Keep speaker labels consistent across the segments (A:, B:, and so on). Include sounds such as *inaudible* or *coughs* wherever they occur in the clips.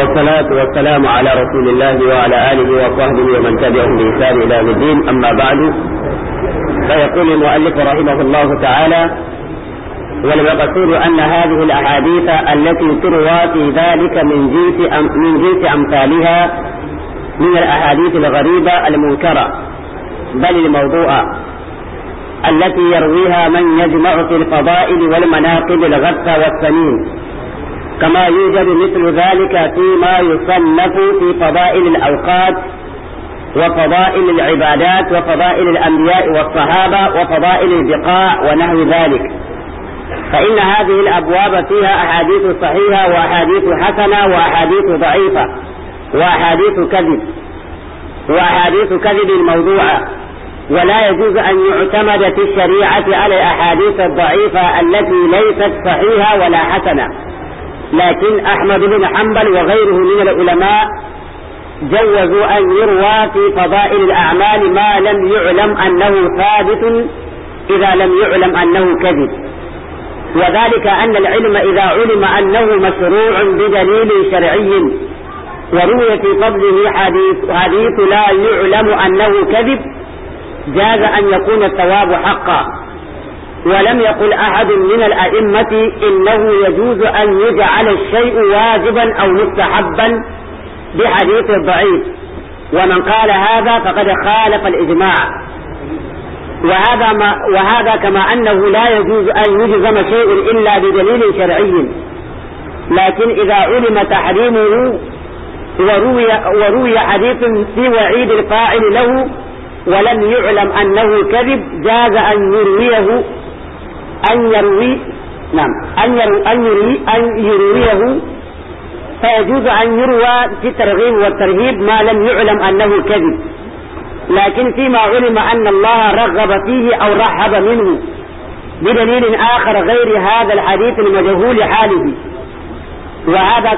A: والصلاة والسلام على رسول الله وعلى آله وصحبه ومن تبعهم بإحسان إلى الدين أما بعد فيقول المؤلف رحمه الله تعالى والمقصود أن هذه الأحاديث التي تروى في ذلك من جنس من جنس أمثالها من الأحاديث الغريبة المنكرة بل الموضوعة التي يرويها من يجمع في الفضائل والمناقب الغث والثمين كما يوجد مثل ذلك فيما يصنف في فضائل الأوقات وفضائل العبادات وفضائل الأنبياء والصحابة وفضائل البقاع ونحو ذلك فإن هذه الأبواب فيها أحاديث صحيحة وأحاديث حسنة وأحاديث ضعيفة وأحاديث كذب وأحاديث كذب موضوعة ولا يجوز أن يعتمد في الشريعة على الأحاديث الضعيفة التي ليست صحيحة ولا حسنة لكن أحمد بن حنبل وغيره من العلماء جوزوا أن يروى في فضائل الأعمال ما لم يعلم أنه ثابت إذا لم يعلم أنه كذب وذلك أن العلم إذا علم أنه مشروع بدليل شرعي وروي في فضله حديث, حديث لا يعلم أنه كذب جاز أن يكون الثواب حقا ولم يقل أحد من الأئمة إنه يجوز أن يجعل الشيء واجبا أو مستحبا بحديث ضعيف ومن قال هذا فقد خالف الإجماع وهذا, ما وهذا كما أنه لا يجوز أن يجزم شيء إلا بدليل شرعي لكن إذا علم تحريمه وروي, وروي حديث في وعيد القائل له ولم يعلم أنه كذب جاز أن يرويه أن يروي نعم أن يروي أن يروي أن يرويه فيجوز أن يروى في الترغيب والترهيب ما لم يعلم أنه كذب لكن فيما علم أن الله رغب فيه أو رحب منه بدليل آخر غير هذا الحديث المجهول حاله وهذا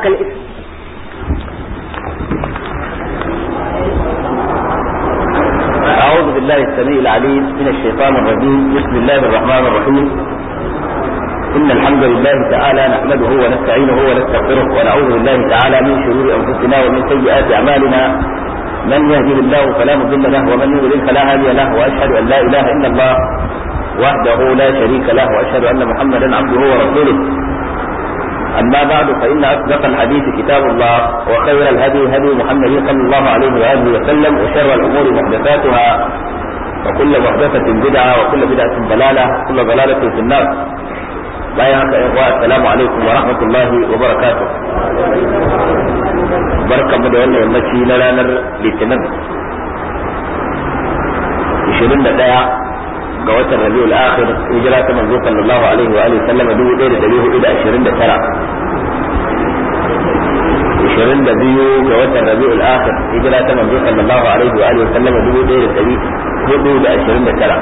A: بالله السميع العليم من الشيطان الرجيم بسم الله الرحمن الرحيم إن الحمد لله تعالى نحمده ونستعينه ونستغفره ونعوذ بالله تعالى من شرور أنفسنا ومن سيئات أعمالنا من يهدي الله فلا مضل له ومن يضلل فلا هادي له وأشهد أن لا إله إلا الله وحده لا شريك له وأشهد أن محمدا عبده ورسوله أما بعد فإن أصدق الحديث كتاب الله وخير الهدي هدي محمد صلى الله عليه وآله وسلم وشر الأمور محدثاتها وكل محدثة بدعة وكل بدعة ضلالة وكل ضلالة في النار bayan haka yan uwa assalamu alaikum wa rahmatullahi wa barakatuh barkamu da wannan yammaci na ranar litinin 21 ga watan rabiul akhir hijira ta manzo sallallahu alaihi wa alihi sallam 1429 ashirin da biyu ga watan rabi'ul akhir hijira ta manzo sallallahu alaihi wa alihi sallama dubu ɗaya da ɗari hudu da ashirin da tara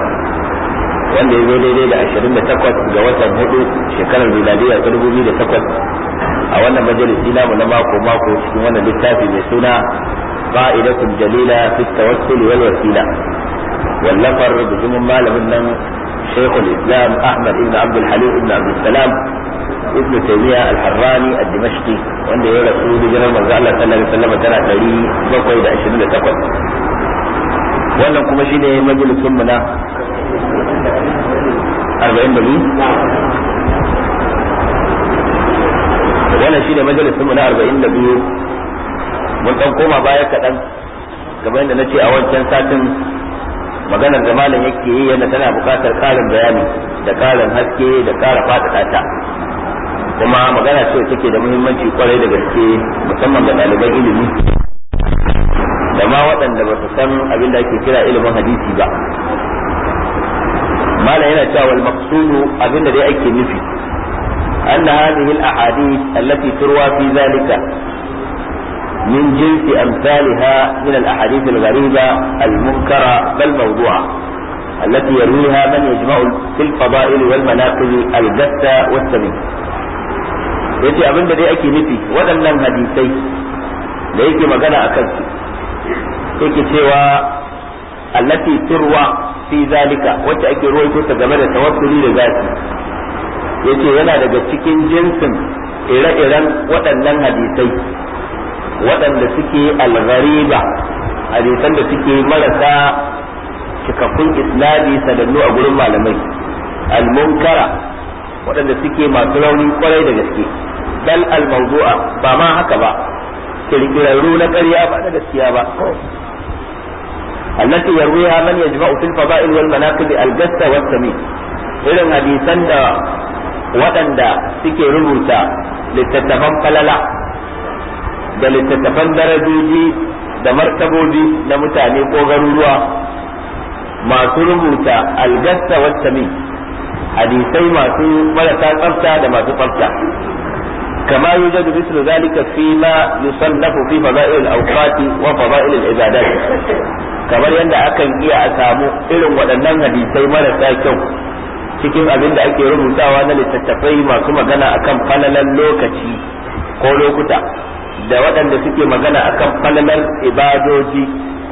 A: wanda ya zo daidai da ashirin da takwas ga watan hudu shekarar miladiya ta dubu biyu da takwas a wannan majalisi namu na mako mako cikin wannan littafi mai suna fa'idatul jalila fi tawassul wal wasila wallafar bijimin malamin nan شيخ الإسلام أحمد بن عبد الحليم بن عبد السلام ابن تيمية الحراني الدمشقي وأن يقول رسول جنرال مرزع الله صلى الله عليه وسلم ترى تري بقوي دا عشرين تقل وأن كما شيء مجلس منا أربعين بني wannan shine majalisin mu na 42 mun dan koma baya kadan kamar yadda nace a wancan satin maganar da malam yake yi yana tana buƙatar ƙarin bayani da ƙarin haske da ƙara faɗaɗa ta kuma magana ce take da muhimmanci kwarai da gaske musamman ga ɗaliban ilimi da ma waɗanda ba su san abin da ake kira ilimin hadisi ba malam yana cewa wal maqsudu abin da dai ake nufi hadhihi al ahadith allati turwa fi zalika من جنس أمثالها من الأحاديث الغريبة المنكرة بل موضوعة التي يرويها من يجمع في الفضائل والمناقب البتة والسمين يجي أبن بدي أكي نفي ودلنا الحديثين ليكي ما قنا أكدتي يكي سوى التي تروى في ذلك وتأكي روي كنت قبل توصلي لذاتي يجي ولا لقد تكين جنس إلى إلى ودلنا الحديثين waɗanda suke alghariba hadisan da suke marasa cikakkun islami sanannu a gurin malamai almunkara waɗanda suke masu rauni kwarai da gaske bal almawdu'a ba ma haka ba kirkirarru na ƙarya ba na gaskiya ba التي يرويها من يجمع في الفضائل والمناقب الجسة والسمين irin hadisan da waɗanda suke rubuta littattafan falala da littattafan darajoji da martabobi na mutane ko garuruwa masu rubuta algasta wattami hadisai masu marasa tsafta da masu tsafta كما يوجد مثل ذلك فيما يصنف في فضائل الأوقات وفضائل العبادات كما يندى أكن إيا samu irin ودنن hadisai مرسا kyau, cikin abin da ake rubutawa na littattafai masu magana akan falalan lokaci ko lokuta da waɗanda suke magana akan falalar ibadoji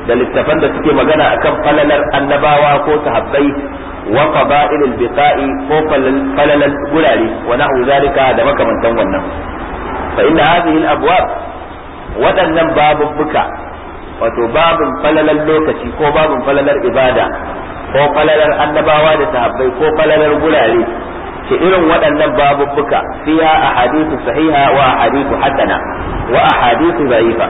A: da littafan da suke magana akan falalar annabawa ko sahabbai wa fada'il al-biqa'i ko falalar gurare wa na'u zalika da makamantan wannan fa inna hadhihi al-abwab waɗannan babubbuka wato babin falalar lokaci ko babin falalar ibada ko falalar annabawa da sahabbai ko falalar gurare ce irin waɗannan babubbuka fiya ahadithu sahiha wa a ahadithu hasana wa a ahadithu da'ifa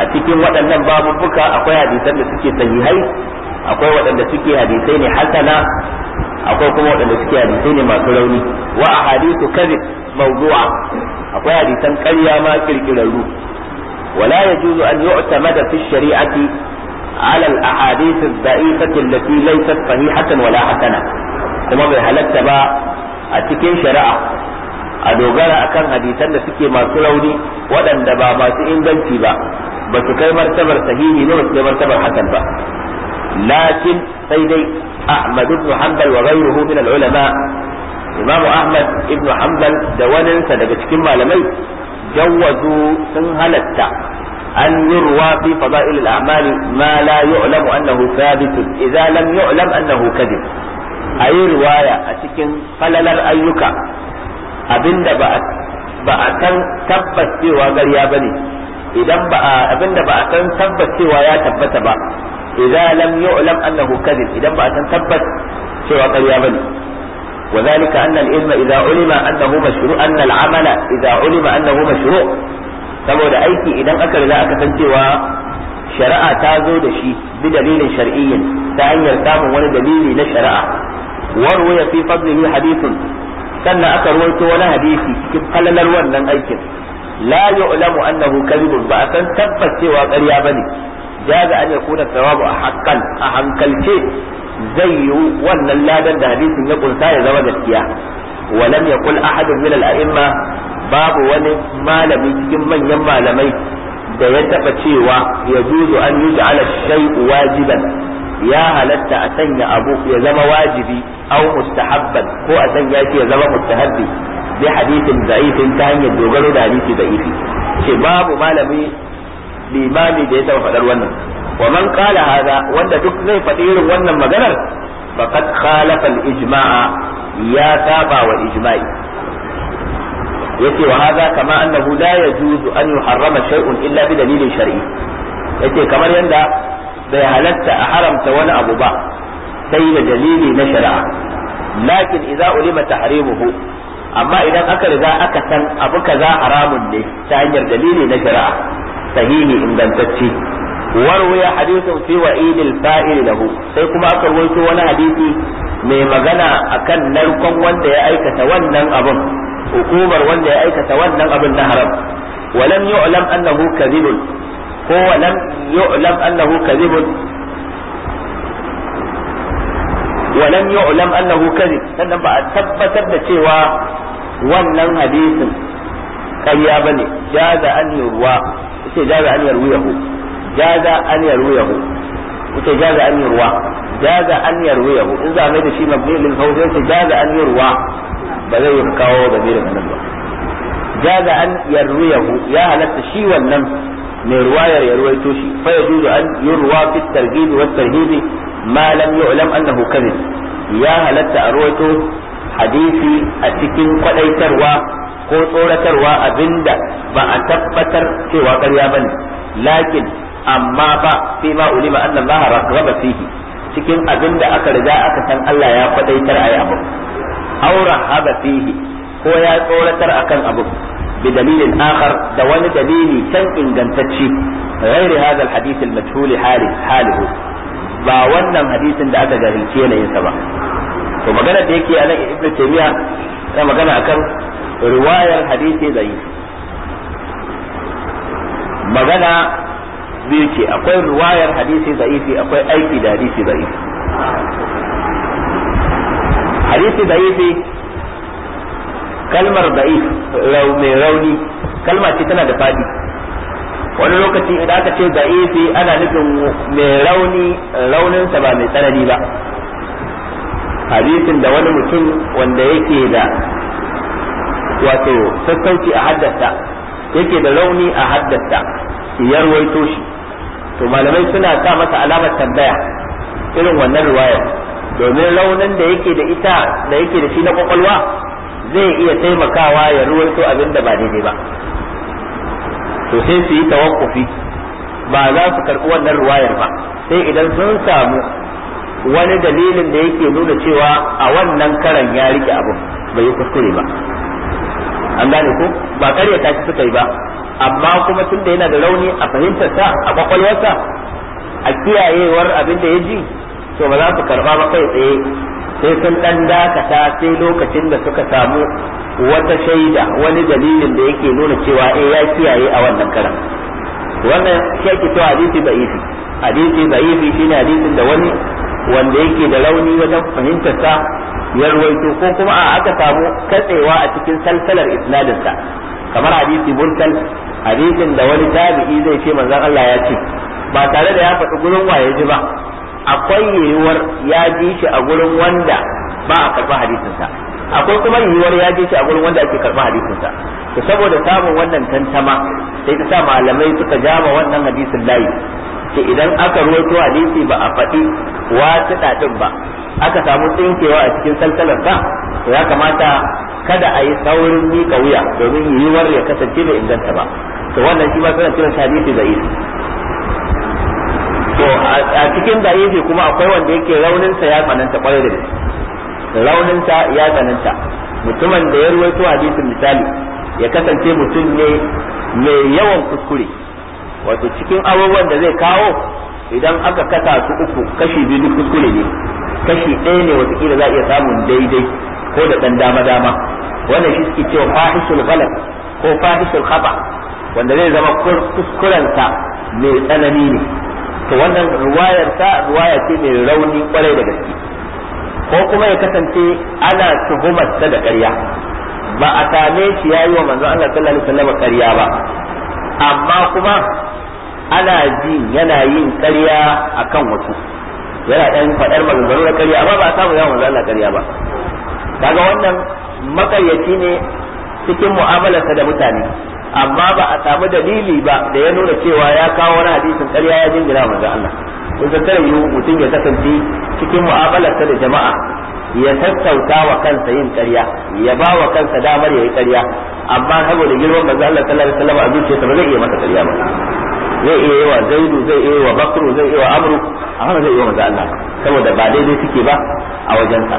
A: a cikin waɗannan babubbuka akwai hadisan da suke sahihai akwai waɗanda suke hadisai ne hasana akwai kuma waɗanda suke hadisai ne masu rauni wa a ahadithu kadhib mawdu'a akwai hadisan ƙarya ma kirkirarru ولا يجوز أن يعتمد في الشريعة على الأحاديث الضعيفة التي ليست صحيحة ولا حسنة kuma bai halatta ba a cikin shari'a a dogara akan hadisan da suke masu rauni waɗanda ba masu inganci ba ba su kai martabar sahihi ba su kai martabar hasan ba lakin sai dai Ahmad ibn Hanbal wa ghayruhu min al-ulama Imam Ahmad ibn Hanbal da waninsa daga cikin malamai jawazu sun halatta an yurwa fi fada'il al-a'mal ma la yu'lamu annahu thabit idza lam yu'lam annahu kadhib a yi riwaya a cikin falalar ayyuka abinda ba a san tabbas cewa ƙarya ba ne idan ba abinda ba a san tabbas cewa ya tabbata ba idan lam yu'lam annahu kadhib idan ba a san tabbas cewa ƙarya ba ne وذلك أن العلم إذا علم أنه مشروع أن العمل إذا علم أنه مشروع saboda aiki idan aka riga aka san shari'a ta zo da shi bi dalilin shar'iyyin ta hanyar samun wani dalili na shari'a وروي في فضله حديث سنة أكرويت ولا حديثي كيف قلل الوان أيكن لا يعلم أنه كذب بأسا تبت سوى قريا بني جاز أن يكون الثواب أحقا أحنكل شيء زي وأن اللادن ده حديث يقول سايا زوج السياح ولم يقل أحد من الأئمة باب ولي ما لم يجم من يما لمي da ya taɓa cewa ya juzu an yi ala shai wajiban ya halatta a sanya abu ya zama wajibi aw mustahabban ko a sanya shi ya zama mustahabbi bi hadithin da'ifin ta hanyar dogaro da hadisi da'ifi ce babu malami limami da ya taɓa faɗar wannan wa man qala hada wanda duk zai faɗi irin wannan maganar faqad khalafa al-ijma'a ya saba wa ijma'i yace wa hada kama annahu la yajuzu an yuharrama shay'un illa bi dalilin shar'i yace kamar yanda bai halatta a haramta wani abu ba sai da dalili na shari'a lakin idza ulima tahrimuhu amma idan aka riga aka san abu kaza haramun ne ta hanyar dalili na shari'a sahihi ingantacce وروي حديث في وعيد الفائل له sai kuma aka rawaito wani hadisi mai magana akan narkon wanda ya aikata wannan abin hukumar wanda ya aikata wannan abin na haram walam yu'lam annahu kadhibun ko lam yu'lam annahu kadhibun walam yu'lam annahu kadhib sannan ba a tabbatar da cewa wannan hadisin karya bane jaza an yurwa yace jaza an yarwiyahu jaza an yarwiyahu yace jaza an yurwa jaza in za da shi mabni lil fawzi yace jaza an yurwa ba zai yi kawo da nan ba jaza an ya shi wannan mai ruwayar ya ruwaito shi fa yajuzu an yurwa fi targhib wa tarhib ma lam yu'lam annahu kadhib ya halatta a ruwaito hadisi a cikin kwadaitarwa ko tsoratarwa abinda ba a tabbatar cewa karya bane lakin amma fa fi ma ulima anna Allah raghaba fihi cikin abinda aka riga aka san Allah ya kwadaitar ayi abu aura haba fihi ko ya tsoratar akan abu da wani dalilin shan da wani dalili shan ingantacci da wani dalilin shan ingantacci da ba wannan hadithin da aka gari jiya da ba. to magana dake a nan ifnoti miya daga magana akan riwayar hadithi da ishi magana biyu shi akwai riwayar hadithi da ishi akwai aiki da hadithi da ishi hadithi da kalmar da'if mai rauni kalma ce tana da fadi wani lokaci idan aka ce da'ifi ana nufin mai rauni rauninsa ba mai tsanani ba hadisin da wani mutum wanda yake da wato sassauci a haddasa yake da rauni a haddasa ya ruwaito shi to malamai suna sa masa alamar tambaya irin wannan ruwayar domin raunin da yake da ita da yake da shi na kwakwalwa zai iya taimakawa ya ruwaito abin da ba daidai ba to sai su yi tawakkufi ba za su karɓi wannan ruwayar ba sai idan sun samu wani dalilin da yake nuna cewa a wannan karan ya rike abu bai yi kuskure ba an gane ko ba karya shi suka yi ba amma kuma tun da yana da rauni a fahimtar sa a kwakwalwarsa a kiyayewar abin da ya ji to ba za su karba ba kai tsaye sai sun dan dakata sai lokacin da suka samu wata shaida wani dalilin da yake nuna cewa eh ya kiyaye a wannan karan wannan shi to hadisi da'ifi hadisi da'ifi shine hadisin da wani wanda yake da rauni wajen fahimtar sa ya ruwaito ko kuma a aka samu katsewa a cikin salsalar isnadin sa kamar hadisi buntan, hadisin da wani tabi'i zai ce manzon Allah ya ce ba tare da ya faɗi gurin waye ji ba akwai yiwuwar ya ji shi a gurin wanda ba a hadisinsa akwai kuma yiwuwar ya ji shi a gurin wanda ake karba hadisinsa to saboda samun wannan tantama sai ta sa malamai suka jama wannan hadisin layi ke idan aka ruwaito hadisi ba a faɗi wata ɗaɗin ba aka samu tsinkewa a cikin salsalar ba to ya kamata kada a yi saurin miƙa wuya domin yiwuwar ya kasance bai inganta ba to wannan shi ba sanar kiran hadisi da to a cikin da'ifi kuma akwai wanda yake raunin sa ya tsananta kwarai da raunin sa ya tsananta mutumin da ya ruwaito hadisin misali ya kasance mutum ne mai yawan kuskure wato cikin abubuwan da zai kawo idan aka kasa su uku kashi biyu duk kuskure ne kashi ɗaya ne watakila za a iya samun daidai ko da ɗan dama-dama wannan shi suke cewa fahishul ghalab ko fahishul khata wanda zai zama kuskurensa mai tsanani ne to wannan ruwayar ta ruwaya ce mai rauni kwarai da gaske ko kuma ya kasance ana tuhumar ta da ƙarya ba a same shi yayi wa manzon Allah sallallahu alaihi wasallam ƙarya ba amma kuma ana ji yana yin ƙarya akan wasu yana ɗan faɗar maganganu na ƙarya amma ba a samu yawan manzon Allah ƙarya ba kaga wannan makaryaci ne cikin mu'amalarsa da mutane amma ba a samu dalili ba da ya nuna cewa ya kawo wani hadisin ƙarya ya jingina manzo Allah kun san tare yiwu mutum ya kasance cikin mu'amalarsa da jama'a ya tattauta wa kansa yin ƙarya ya ba wa kansa damar ya yi ƙarya amma saboda girman manzo Allah sallallahu alaihi wasallam a zuciyarsa ba zai iya masa ƙarya ba zai iya wa zaidu zai iya wa bakru zai iya wa amru amma zai iya manzo Allah saboda ba daidai suke ba a wajensa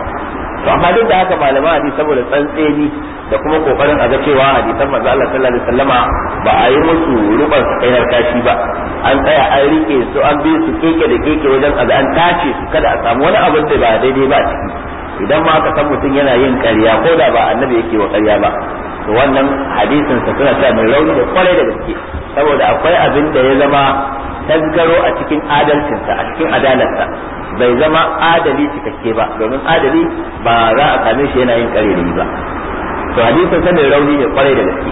A: to amma duk da haka malaman hadisi saboda tsantseni da kuma kokarin a ga cewa hadisan manzo Allah sallallahu alaihi wasallama ba a yi musu rubar kainar kashi ba an tsaya an rike su an bi su keke da keke wajen abu an tace su kada a samu wani abin da ba daidai ba ciki idan ma aka san mutum yana yin ƙarya ko da ba annabi yake wa ƙarya ba to wannan hadisin sa suna cewa mai rauni da kwarai da gaske saboda akwai abin da ya zama tasgaro a cikin adalcinsa a cikin adalarsa bai zama adali cikakke ba domin adali ba za a same shi yana yin da ba to hadisin sanin rauni ne kwarai da gaske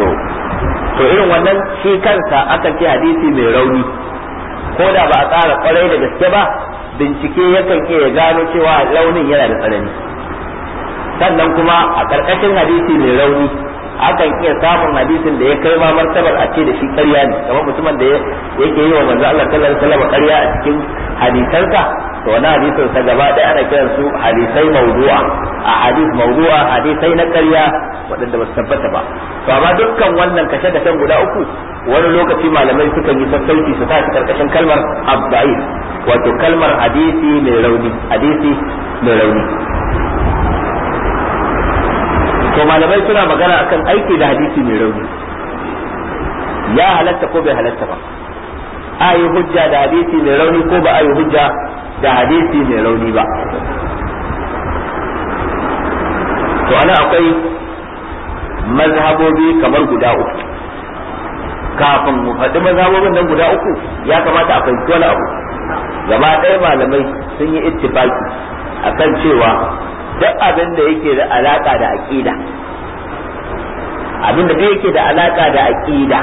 A: to irin wannan shi kansa aka ce hadisi mai rauni ko da ba a tsara kwarai da gaske ba bincike yakan iya gano cewa raunin yana da tsanani sannan kuma a ƙarƙashin hadisi mai rauni akan iya samun hadisin da ya kai ma martabar a ce da shi ƙarya ne kamar mutumin da yake yi wa manzo Allah sallallahu alaihi wasallam ƙarya a cikin hadisansa to wani hadisin sa gaba ɗaya ana kiran su hadisai mawdu'a a hadis mawdu'a hadisai na ƙarya waɗanda ba su tabbata ba to amma dukkan wannan kashe kashen guda uku wani lokaci malamai suka yi sassauci su sa karkashin kalmar abda'i wato kalmar hadisi mai rauni hadisi mai rauni to malamai suna magana akan aiki da hadisi mai rauni ya halatta ko bai halatta ba a yi hujja da hadisi mai rauni ko ba a yi hujja da hadisi mai rauni ba to ana akwai mazhabobi kamar guda uku kafin mu faɗi mazhabobin nan guda uku ya kamata a fahimci wani abu gaba ɗaya malamai sun yi ittifaki akan cewa duk abin da yake da alaka da aqida abin da duk yake da alaka da aqida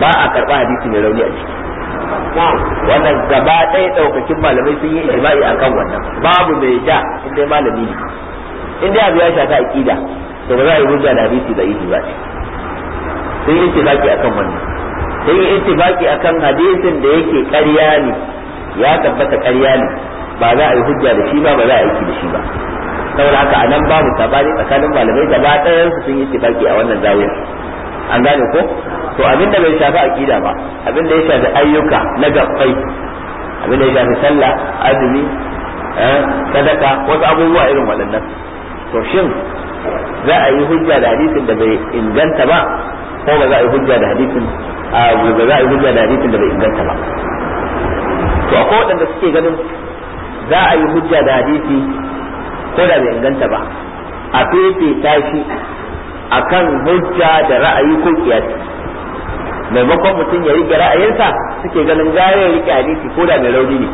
A: ba a karba hadisi mai rauni a ciki wannan gaba ɗaya ɗaukakin malamai sun yi ijma'i akan wannan babu mai ja in dai malami ne in dai abu ya shafi aqida to ba za a yi hujja da hadisi da ihi ba sun yi ittifaqi akan wannan sun yi ittifaqi akan hadisin da yake ƙarya ne ya tabbata ƙarya ne ba za a yi hujja da shi ba ba za a yi da shi ba saboda haka anan babu sabani tsakanin malamai gaba ɗayan su sun yi tibaki a wannan zawiyar an gane ko to abin da bai shafi aqida ba abin da ya shafi ayyuka na gabbai abin da ya shafi sallah azumi eh, sadaka wasu abubuwa irin waɗannan to shin za a yi hujja da hadisin da bai inganta ba ko ba za a yi hujja da hadisin ba za a yi hujja da hadisin da bai inganta ba to akwai waɗanda suke ganin za a yi hujja da hadisi ko da bai inganta ba a fefe ta shi kan hujja da ra'ayi ko kiyasi maimakon mutum ya rike ra'ayinsa suke ganin gaya ya rike hadisi ko da mai rauni ne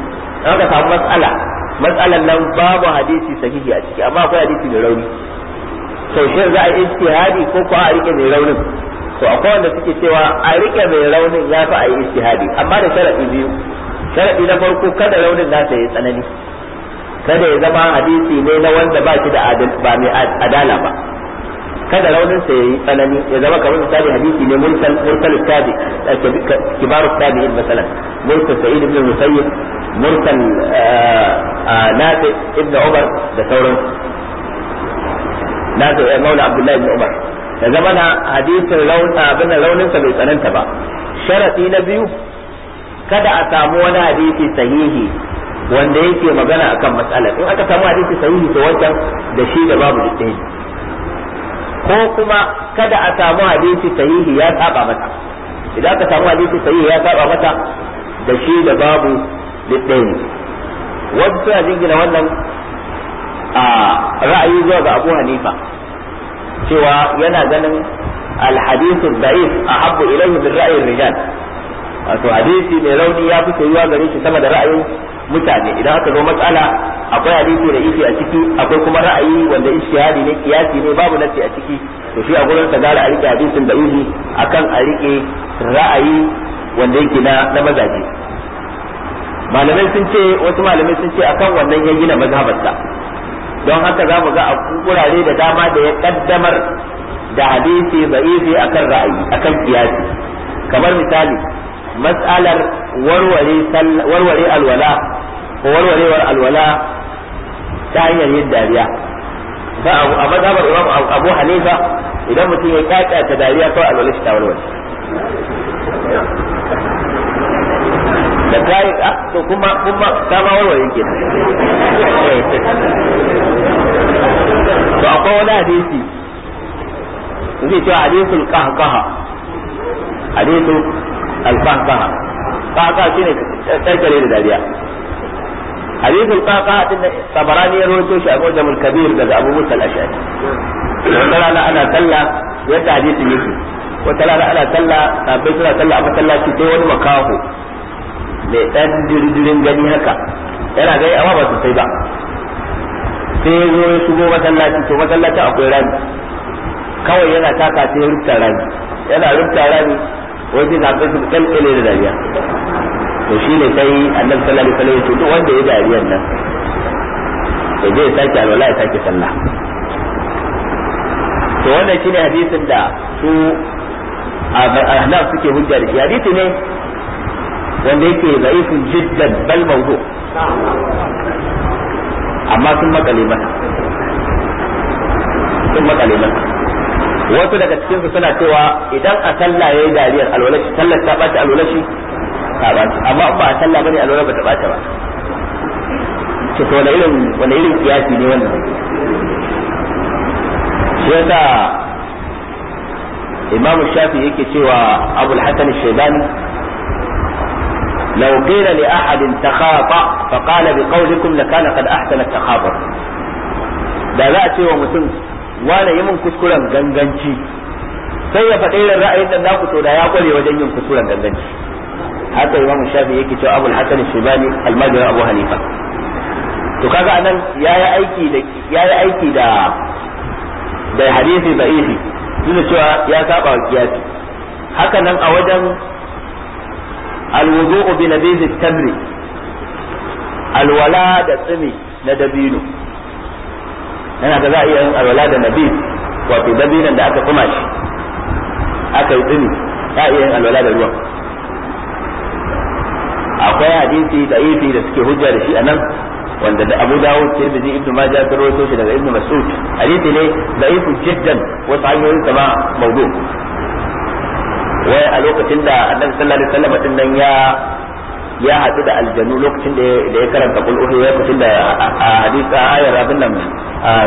A: an ka samu matsala matsalan nan babu hadisi sahihi a ciki amma akwai hadisi mai rauni to shin za a yi istihadi ko ko a rike mai raunin to akwai wanda suke cewa a rike mai raunin ya fi a yi istihadi amma da sharaɗi biyu sharaɗi na farko kada raunin nasa ya yi tsanani kada ya zama hadisi ne na wanda ba shi da ba mai adala ba kada raunin sa yayi tsanani ya zama kamar misali hadisi ne mursal mursal tabi eh, kibaru tabi misalan mursal sa'id ibn musayyib mursal eh, eh, nafi ibn umar da sauran nafi maula abdullahi ibn umar da zama na hadisin rauna abin raunin sa bai tsananta ba sharadi na biyu kada a samu wani hadisi sahihi wanda yake magana akan matsalar in aka samu hadisi sahihi to wancan da shi da babu ijtihadi ko kuma kada a samu hadisi sahihi ya saba mata idan aka samu hadisi sahihi ya saba mata da shi da babu ijtihadi a suna jingina wannan a ra'ayi zuwa ga Abu Hanifa cewa yana ganin alhadisu da'if ahabbu ilayhi min ra'ayin rijal wato hadisi mai rauni ya fi soyuwa gare shi sama da ra'ayin mutane idan aka zo matsala akwai hadisi da yake a ciki akwai kuma ra'ayi wanda ijtihadi ne kiyasi ne babu nasi a ciki to shi a gurin sa gara a rike hadisin da a akan a rike ra'ayi wanda yake na na mazaje malamai sun ce wasu malamai sun ce akan wannan ya gina mazhabarsa don haka za mu ga a kurare da dama da ya kaddamar da hadisi da'ifi akan ra'ayi akan kiyasi kamar misali mas'alar warware alwala ko warwarewar alwala ta hanyar yin dariya ba a mazhabar imam abu hanifa idan mutum ya kaka ta dariya kawai alwala shi ta warware da kai a ah, to kuma kuma ta ma warware ke to akwai wani hadisi zai cewa hadisul qahqaha hadisul al-qahqaha qahqaha shine tsakare da dariya hadisin tsaka din ya rawaito shi a mujamul kabir daga abu musa wata rana ana sallah yadda hadisin yake wata rana ana sallah sabai suna sallah a masallaci sai wani makaho mai dan dirdirin gani haka yana gani amma ba sosai ba sai ya zo ya shigo masallaci to masallaci akwai rami kawai yana taka sai ya rubta rami yana rubta rami wajen zaɓe su kalkale da dariya to shi ne sai annan sallallahu alaihi wasallam ya ce duk wanda ya dariyar nan to zai sake alwala ya sake sallah to wannan shine hadisin da su ahla suke hujja da shi hadisi ne wanda yake zaifin jiddan bal mawdu amma sun makale mata sun makale mata wasu daga cikin su suna cewa idan a sallah yayi dariyar alwalashi sallar ta alwala shi ta baci amma ba a sallah bane lura ba ta baci ba ce to wani irin wani irin kiyasi ne wannan shi yasa imam shafi yake cewa abul hasan shaybani لو قيل لأحد تخاطأ فقال بقولكم لكان قد أحسن التخاطر da za a ce wa mutum wane yi mun kuskuren ganganci sai ya faɗi irin ra'ayin nan naku to da ya kware wajen yin kuskuren ganganci haka imam shafi yake cewa abul hasan shibani almajri abu hanifa to kaga anan yayi aiki da yayi aiki da da hadisi da'ifi duk cewa ya saba wa kiyasi haka nan a wajen alwudu'u bi nabizi tamri alwala da tsimi na dabino yana ga za a iya yin alwala da nabiz wato dabinan da aka kuma shi aka yi tsimi za a iya yin alwala da ruwan akwai hadisi da ifi da suke hujja da shi anan wanda da Abu Dawud Tirmidhi Ibn Majah da rawaito shi daga Ibn Mas'ud hadisi ne da ifi jiddan wasu hanyoyin kama mawdu wai a lokacin da Annabi sallallahu alaihi wasallam din nan ya ya haɗu da aljanu lokacin da ya karanta kul ya lokacin da hadisi ayar abin nan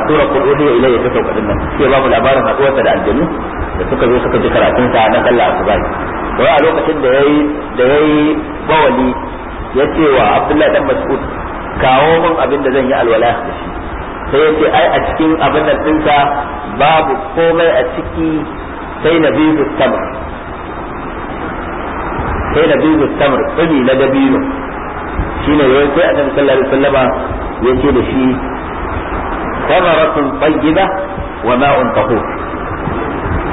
A: tura kul uhiya ilayya ta sauka din nan sai babu labarin haɗuwarsa da aljanu da suka zo suka ji karatun ta na Allah asubai wai a lokacin da yayi da yayi bawali ya ce wa abdullahi dan mas'ud kawo min abin da zan yi alwala da shi sai ya ce ai a cikin abin nan dinka babu komai a ciki sai na bizu tamar sai na bizu tamar tsini na dabino shine yayin sai annabi sallallahu alaihi wasallama ce da shi thamaratun tayyiba wa ma'un tahur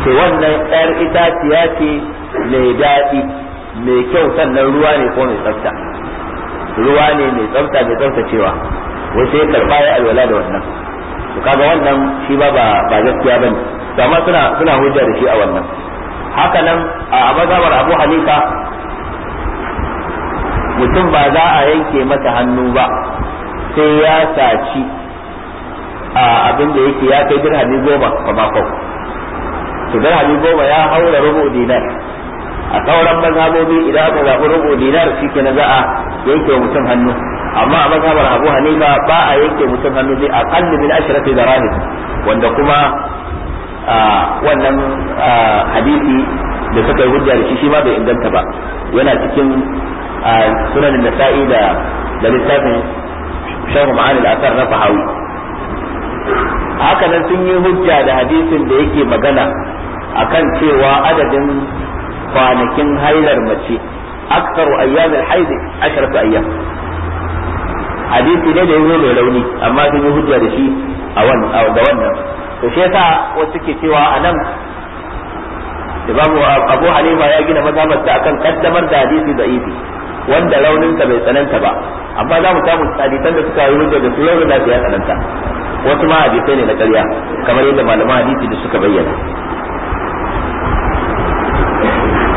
A: sai wannan ɗayar itaciya ce mai daɗi mai kyau sannan ruwa ne ko mai tsafta ruwa ne mai tsafta mai cewa? wai sai karba ya alwala da wannan to kaga wannan shi ba ba gaskiya bane amma suna suna hujja da shi a wannan haka nan a mazhabar Abu Hanifa mutum ba za a yanke masa hannu ba sai ya saci a abin da yake ya kai dirhami goma ko to dirhami goma ya haura rubu dinar a sauran mazhabobi idan aka zaɓi rubu dinar shi ke za a yanke mutum hannu amma a mazhabar abu hanifa ba a yanke mutum hannu a kalli min da dirahim wanda kuma wannan hadisi da suka yi hujja da shi shi ma bai inganta ba yana cikin sunan nasa'i da da littafin sharh ma'ani al asar na fahawi haka nan sun yi hujja da hadisin da yake magana akan cewa adadin kwanakin hailar mace aksaru ayyamil haid ashratu ayyam hadisi ne da yazo mai rauni amma sun yi hujja da shi a wannan da wannan shi yasa wasu ke cewa anan Imam Abu Hanifa ya gina a akan kaddamar da hadisi da ibi wanda rauninsa bai tsananta ba amma za mu samu hadisan da suka yi hujja da su raunin da ya tsananta wasu ma hadisai ne na ƙarya kamar yadda malaman hadisi da suka bayyana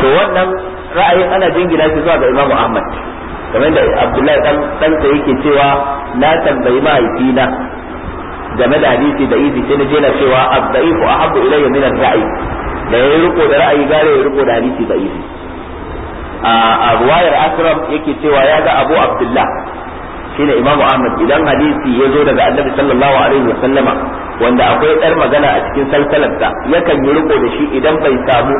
A: to wannan ra'ayin ana jingina shi zuwa ga Imam Ahmad kamar da Abdullahi dan ɗansa yake cewa na tambayi mahaifina game da hadisi da izi sai na jela cewa abdaifu ahabbu ilayya min ar-ra'i da ya riko da ra'ayi gare ya riko da hadisi da izi a ruwayar Asram yake cewa ya ga Abu Abdullah shine Imam Ahmad idan hadisi ya zo daga Annabi sallallahu alaihi wa wanda akwai dar magana a cikin salsalarsa yakan yi riko da shi idan bai samu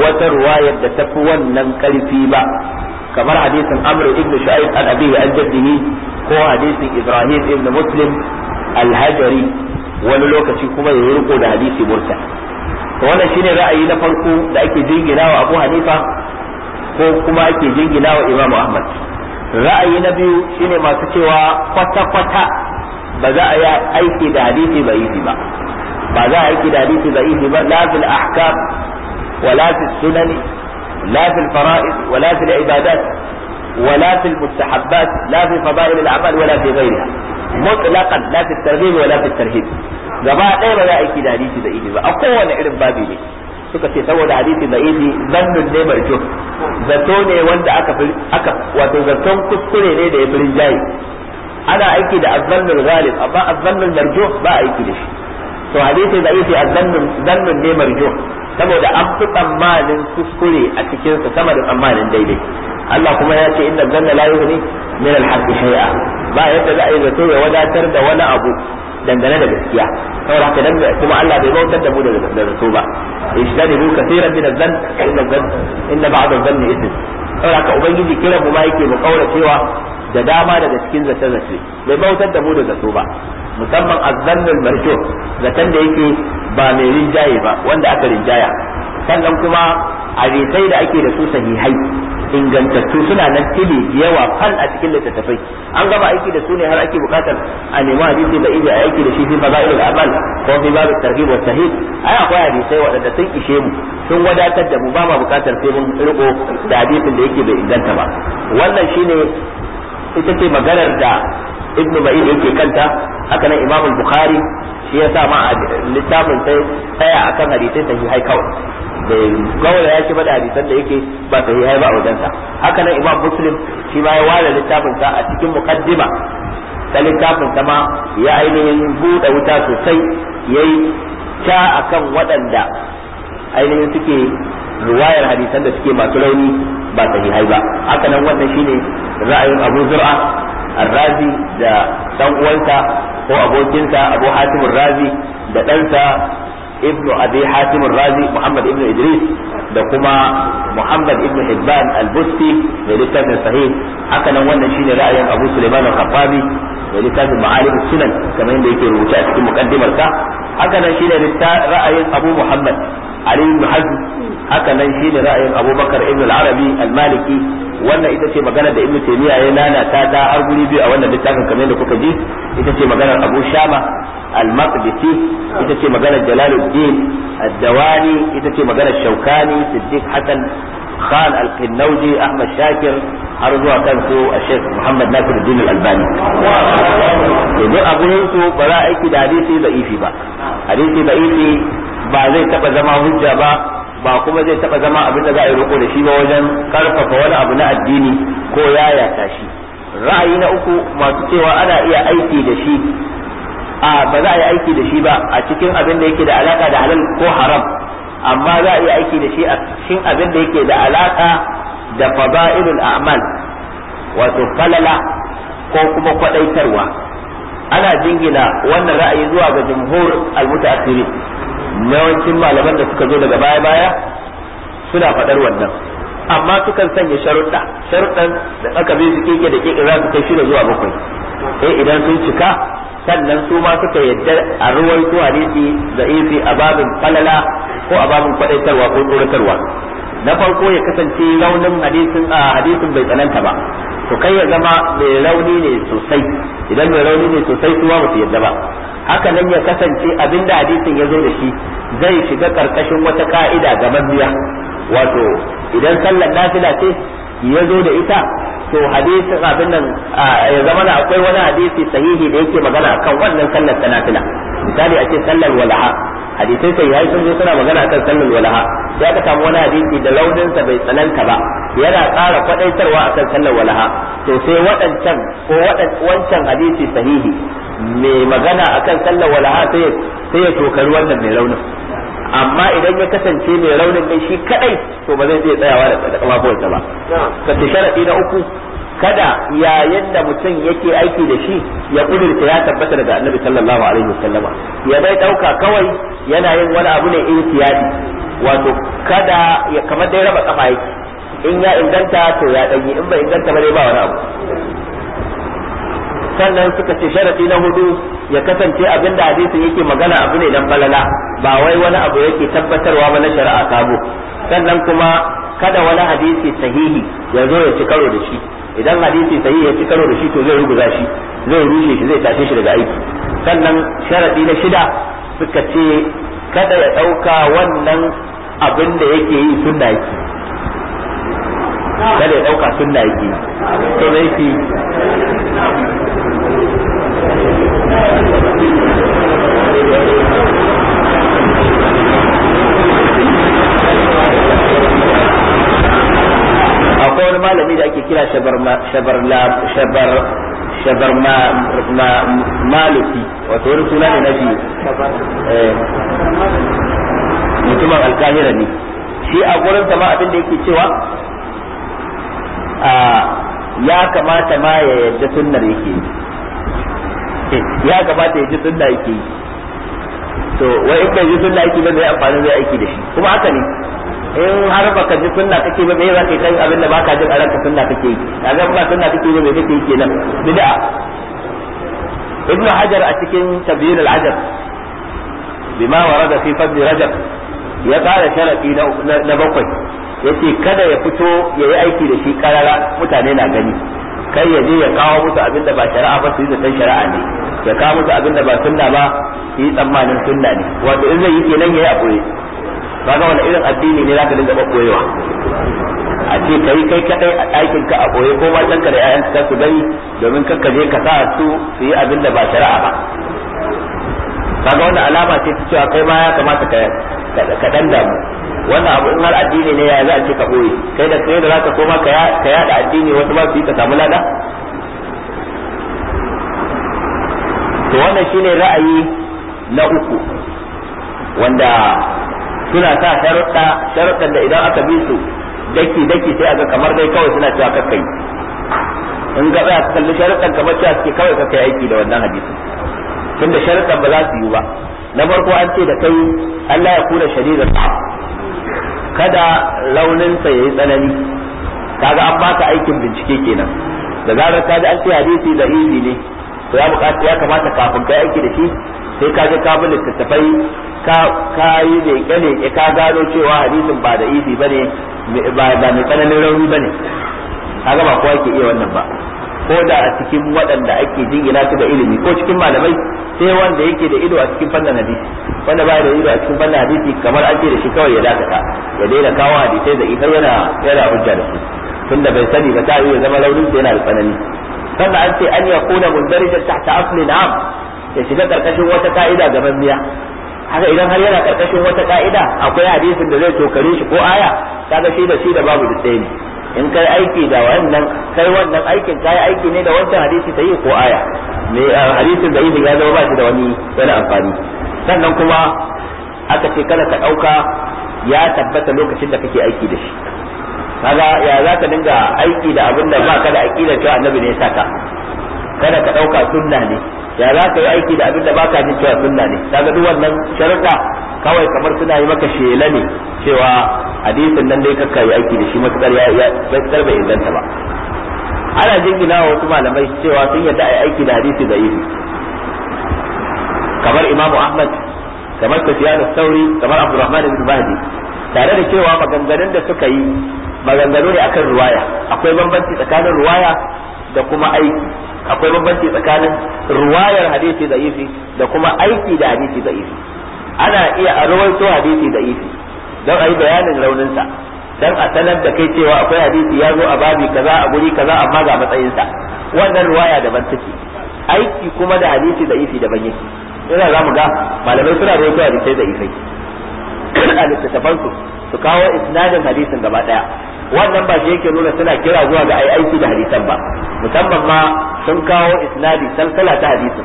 A: wata ruwayar da fi wannan karfi ba kamar hadisin amr ibn shu'aib an abihi an jaddihi ko hadisin ibrahim ibn muslim al-hajari wani lokaci kuma ya riko da hadisi murta to wannan shine ra'ayi na farko da ake jingina wa abu hanifa ko kuma ake jingina wa imam ahmad ra'ayi na biyu shine masu cewa kwata-kwata ba za a yi aiki da hadisi ba ba ba za a aiki da hadisi ba ba lazil ahkam ولا في السنن لا في الفرائض ولا في العبادات ولا في المستحبات لا في فضائل الاعمال ولا في غيرها مطلقا لا في الترغيب ولا في الترهيب غير جماعة ايه بلا ايكي لحديثي بايدي اقوى لعلم بابي لي سوكا تيتوه لحديثي بايدي ظن النمر جو زتوني إيه وند اكف اكف وتزتون كسكولي نيدي ابن إيه إيه جاي انا ايكي لأظن الغالب اما اظن المرجوح با ايكي لشي to hadisi da yake azzannun zannun ne marjo saboda an fi tsammanin kuskure a cikin sa sama da tsammanin daidai Allah kuma ya ce inna zanna la yuhni min al-haqq shay'a ba yadda za a yi zato ya wadatar da wani abu dangane da gaskiya saboda haka dan kuma Allah bai bautar da mu da zato ba ishtani bu kaseeran min az-zann inna zann inna ba'd az-zann ithm saboda haka ubangiji kira mu ma yake mu kaura cewa da dama daga cikin zace zace bai bautar da mu da zato ba musamman azzannul marjo zaton da yake ba mai rinjaye ba wanda aka rinjaya sannan kuma hadisai da ake da su sahihai ingantattu suna nan tili yawa fal a cikin littattafai an gama aiki da su ne har ake bukatar a nema hadisi da a aiki da shi fi fadailul amal ko fi babu targhib wa tahid ai akwai hadisai wadanda sun ishe mu sun wadatar da mu ba ma bukatar sai mun riko da hadisin da yake bai inganta ba wannan shine ita ce maganar da ibnu ma'in yake kanta haka nan imam bukhari shi ya sa ma littafin sai tsaya akan hadisai sahihai kawai bai kawai ya ci bada hadisan da yake ba sahihai ba a wajensa haka nan imam muslim shi ma ya ware littafin sa a cikin muqaddima ta littafin sa ma ya ainihin buɗe wuta sosai yayi ta akan waɗanda ainihin suke ruwayar hadisan da suke masu rauni ba sahihai ba haka nan wannan shine ra'ayin Abu Zur'a ar da dan uwansa ko abokinsa Abu da ɗansa Ibn Abi razi Muhammad ibn Idris da kuma Muhammad ibn Hibban Al-Busti da sahih haka wannan shine ra'ayin Abu Sulaiman Al-Khattabi littafin Ma'alim kamar yadda yake rubuta cikin muqaddimarsa haka nan ra'ayin haka nan shine ra'ayin abubakar ibn al-arabi al-maliki wannan ita ce magana da ibn taymiya ya lalata ta har guri biyu a wannan littafin kamar da kuka ji ita ce maganar abu shama al-maqdisi ita ce maganar jalaluddin ad-dawani ita ce maganar shaukani siddiq hasan khan al-qinnawji ahmad shakir har zuwa kan su sheikh muhammad nasiruddin al-albani idan a su ba za a aiki da hadisi da ifi ba hadisi da ifi ba zai taba zama hujja ba ba kuma zai taba zama abin da za a yi riko da shi ba wajen karfafa wani abu na addini ko ta shi ra'ayi na uku masu cewa ana iya aiki da shi a ba za a yi aiki da shi ba a cikin abin da yake da alaka da halal ko haram amma za a yi aiki da shi a cikin abin da yake da alaka da fada'ilul a'mal wato falala ko kuma kwadaitarwa ana jingina wannan ra'ayi zuwa ga jumhur al-mutaakhirin yawancin malaman da suka zo daga baya baya suna faɗar wannan amma sukan sanya sharuɗa sharuɗan da aka bi su keke da ke za su kai shida zuwa bakwai sai eh, idan sun cika sannan su ma suka yadda a su hadisi da isi a babin falala ko a babin faɗaitarwa ko tsoratarwa na farko ya kasance raunin hadisin a hadisin bai tsananta ba to kai ya zama mai rauni ne sosai idan mai rauni ne sosai su ma ba su yadda ba haka nan ya kasance abin da hadisin ya zo da shi zai shiga karkashin wata ka'ida ga mabiya wato idan sallar nafila ce ya zo da ita to hadisin abin nan ya zama da akwai wani hadisi sahihi da yake magana akan wannan sallar ta nafila misali a ce sallar walaha hadisai sai yayi sun zo suna magana kan sallar walaha sai aka samu wani hadisi da launin sa bai tsananta ba yana ƙara kwadaitarwa akan sallar walaha to sai waɗancan ko wancan hadisi sahihi mai magana akan sallar walaha sai sai ya tokari wannan mai raunin amma idan ya kasance mai raunin ne shi kadai to ba zai iya tsayawa da kafafuwarsa ba ce sharadi na uku kada yayin da mutum yake aiki da shi ya kudurta ya tabbata daga annabi sallallahu alaihi wasallama ya bai dauka kawai yana yin wani abu ne in tiyadi wato kada ya kamar dai raba kafa yake in ya inganta to ya danyi in bai inganta ba dai ba wani abu sannan suka ce sharadi na hudu ya kasance abin da hadisin yake magana abu ne dan balala ba wai wani abu yake tabbatarwa ba na shari'a sabo sannan kuma kada wani hadisi sahihi ya zo ya ci karo da shi idan hadisi sai ya ci karo da shi to zai ruguza shi zai rushe shi zai tashe shi daga aiki sannan sharadi na shida suka ce kada ya dauka wannan abin da yake yi sunna yake kada ya dauka sunna yake to akwai wani malami da ake kira shabar shabar wato wani suna ne na eh, mutumin alkahira ne shi a gurin sama abin da yake cewa ya kamata ma ya yadda sunnar yake eh, ya kamata ya ji sunna yake to wai in bai ji sunna yake ba zai amfani zai aiki da shi kuma haka ne in har baka ji sunna take ba me za ka san abin da baka jin a ranka sunna take yi kaga ba sunna yi ba me kake yi kenan bid'a ibn hajar a cikin tabyir al-ajab bima warada fi fadl rajab ya kare sharadi na bakwai yace kada ya fito ya yi aiki da shi karara mutane na gani kai ya je ya kawo musu abin da ba shari'a ba su yi zaton shari'a ne ya kawo musu abin da ba sunna ba su yi tsammanin sunna ne wato in zai yi kenan yayi a koyi kaga wani irin addini ne zaka dinga koyewa a ce kai kai kadai a ɗakin ka a koye ko matan ka da ƴaƴan ka su gani domin kakka je ka sa su su yi abin da ba shari'a ba kaga wannan alama ce ta cewa kai ma ya kamata ka ka dan damu wannan abu in har addini ne ya za a ce ka koye kai da kai da zaka koma ka ka yada addini wasu ba su yi ka samu lada to wannan shine ra'ayi na uku wanda suna sa sharuɗa sharuɗan da idan aka bi su daki daki sai a ga kamar dai kawai suna cewa yi in ga za ka kalli sharuɗan kamar cewa suke kawai yi aiki da wannan hadisi tunda sharuɗan ba za su yi ba na farko an ce da kai Allah ya kura ta kada sa ya yi tsanani kaga an baka aikin bincike kenan da zarar ka ji an ce hadisi da ne to ya ya kamata kafin kai aiki da shi sai ka je ka bi littattafai ka yi yi leke leke ka gano cewa hadisin ba da izi bane ba da mai tsananin rauni bane kaga ba kowa ke iya wannan ba ko da a cikin waɗanda ake jingina su da ilimi ko cikin malamai sai wanda yake da ido a cikin fannin hadisi wanda ba da ido a cikin fannin hadisi kamar an ce da shi kawai ya dakata ya daina kawo hadisai da ita yana yana hujja da su tunda bai sani ba ta iya zama raunin da yana da tsanani sannan an ce an yakuna mundarija tahta asli na'am ya shiga karkashin wata ka'ida gaban miya haka idan har yana karkashin wata ka'ida akwai hadisin da zai tokare shi ko aya kaga shi da shi da babu da ne in kai aiki da wannan kai wannan aikin kai aiki ne da wancan hadisi ta yi ko aya me hadisin da yi ya zama ba shi da wani wani amfani sannan kuma aka ce kada ka dauka ya tabbata lokacin da kake aiki da shi kaga ya za ka dinga aiki da abin da ba ka da aqidar cewa annabi ne ya saka kada ka dauka sunna ne ya za ka yi aiki da abin da baka jin cewa sunna ne kaga duk wannan sharuɗa kawai kamar suna yi maka shela ne cewa hadisin nan dai kakka yi aiki da shi matsar ya ya bai inganta ba ana jingina wa wasu malamai cewa sun yadda yi aiki da hadisi da yi kamar imamu ahmad kamar sufyan sauri kamar abdurrahman ibn mahdi tare da cewa maganganun da suka yi maganganu ne akan ruwaya akwai bambanci tsakanin ruwaya da kuma aiki akwai bambanci tsakanin ruwayar hadisi da ifi da kuma aiki da hadisi da ifi ana iya a rawaito hadisi da ifi don a yi bayanin rauninsa don a sanar da kai cewa akwai hadisi ya zo a babi kaza a guri kaza amma ga matsayinsa wannan ruwaya daban take aiki kuma da hadisi da ifi daban yake ina za mu ga malamai suna rawaito hadisai da ifai a littattafansu su kawo isnadin hadisin gaba daya wannan ba shi yake nuna suna kira zuwa ga ai aiki da hadisan ba musamman ma sun kawo isnadi salsala ta hadisin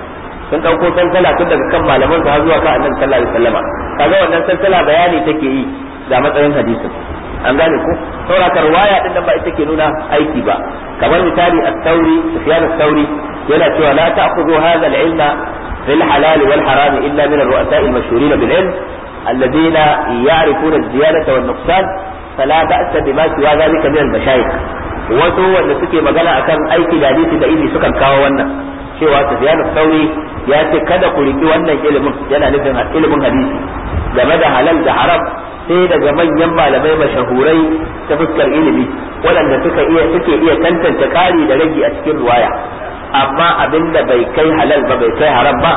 A: sun ɗauko salsala tun daga kan malaman su har zuwa kan annabi sallallahu alaihi wasallam kaga wannan salsala bayani take yi ga matsayin hadisin an gane ko saura karwaya din nan ba ita ke nuna aiki ba kamar misali at-tauri sufyan at sauri yana cewa la ta'khudhu hadha al-ilma fil halal wal haram illa min ar-ru'asa al-mashhurin bil ilm الذين يعرفون الزيادة والنقصان فلا بأس بما سوى ذلك من المشايخ min wato wanda suke magana akan aiki da hadisi da ilimi sukan kawo wannan cewa Sufyan sauri ya ce kada ku riki wannan ilimin yana nufin ilimin hadisi game da halal da haram sai daga manyan malamai mashahurai ta fuskar ilimi waɗanda suke iya tantance kari da ragi a cikin ruwaya amma abin da bai kai halal ba bai kai haram ba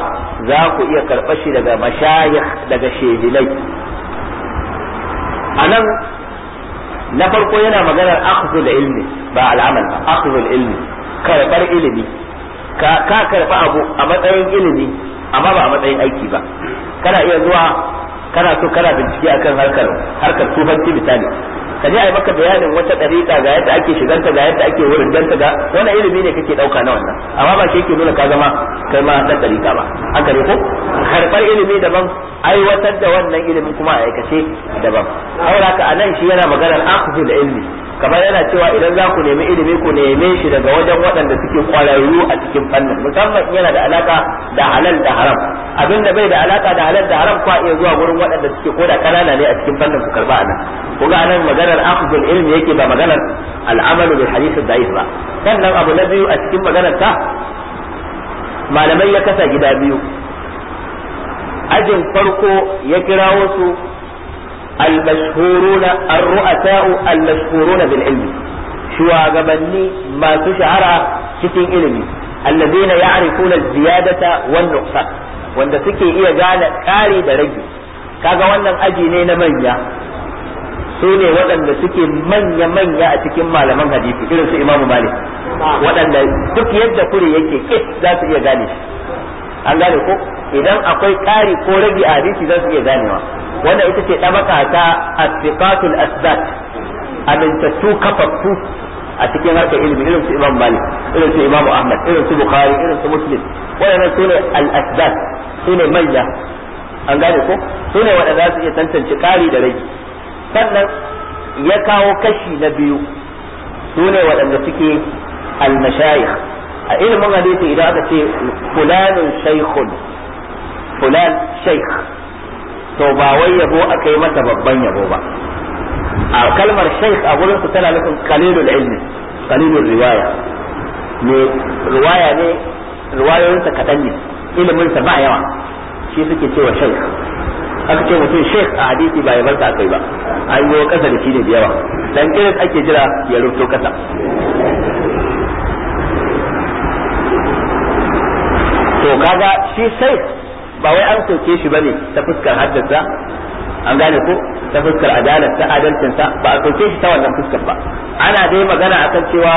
A: za ku iya karɓar shi daga mashayikh daga shehilai anan na farko yana maganar akhzul ilmi ba al'amal ba akhzul ilmi karɓar ilimi ka karɓa abu a matsayin ilimi amma ba a matsayin aiki ba kana iya zuwa kana so kana bincike akan harkar harkar tufanci misali ka je ai maka bayanin wata dariƙa ga yadda ake shiganta ga yadda ake wurin danta ga wannan ilimi ne kake dauka na wannan amma ba shi yake nuna ka zama kai ma dan dariƙa ba haka ne ko karɓar ilimi daban aiwatar da wannan ilimin kuma a aikace daban saboda haka anan shi yana maganar akhdhu da ilmi kamar yana cewa idan za ku nemi ilimi ku neme shi daga wajen waɗanda suke ƙwararru a cikin fannin musamman yana da alaka da halal da haram abin da bai da alaka da halal da haram kwa iya zuwa gurin waɗanda suke koda kanana ne a cikin fannin ku karba anan ku ga nan maganar akhdhul ilmi yake ba maganar al'amalu bil hadith da'if ba sannan abu na biyu a cikin maganar ta malamai ya kasa gida biyu ajin farko ya kirawo su المشهورون الرؤساء المشهورون بالعلم shugabanni masu shahara cikin ilimi allazina ya'rifuna ziyadata wan nuqsan wanda suke iya gane ƙari da rage kaga wannan aji ne na manya su ne waɗanda suke manya manya a cikin malaman hadisi irin su imamu malik waɗanda duk yadda kure yake kit za su iya gane shi an gane ko idan akwai ƙari ko rage a hadisi zan su iya ganewa wannan ita ce dabaka ta asbiqatul asbat amintattu kafattu a cikin harkar ilimi irin su imam malik irin su imam ahmad irin su bukhari irin su muslim waɗannan su ne al-asbat su ne manya an gane ko su ne waɗanda za su iya tantance ƙari da rage sannan ya kawo kashi na biyu su ne waɗanda suke al-mashayikh a ilimin hadisi idan aka ce fulanin shaykhun fulan shaykh to ba wai yabo aka yi mata babban yabo ba a kalmar shaykh a gurin su tana nufin qalilul ilmi qalilul riwaya ne riwaya ne riwayoyinsa kaɗan ne iliminsa ba yawa shi suke cewa shaykh aka ce mutum sheikh a hadisi ba ya barka akai ba an yi kasa da shi ne da yawa dan kiris ake jira ya rubuto kasa to kaga shi sai ba wai an soke shi bane ta fuskar haddasa an gane ko ta fuskar adalar ta adalcin ba a soke shi ta wannan fuskar ba ana dai magana akan cewa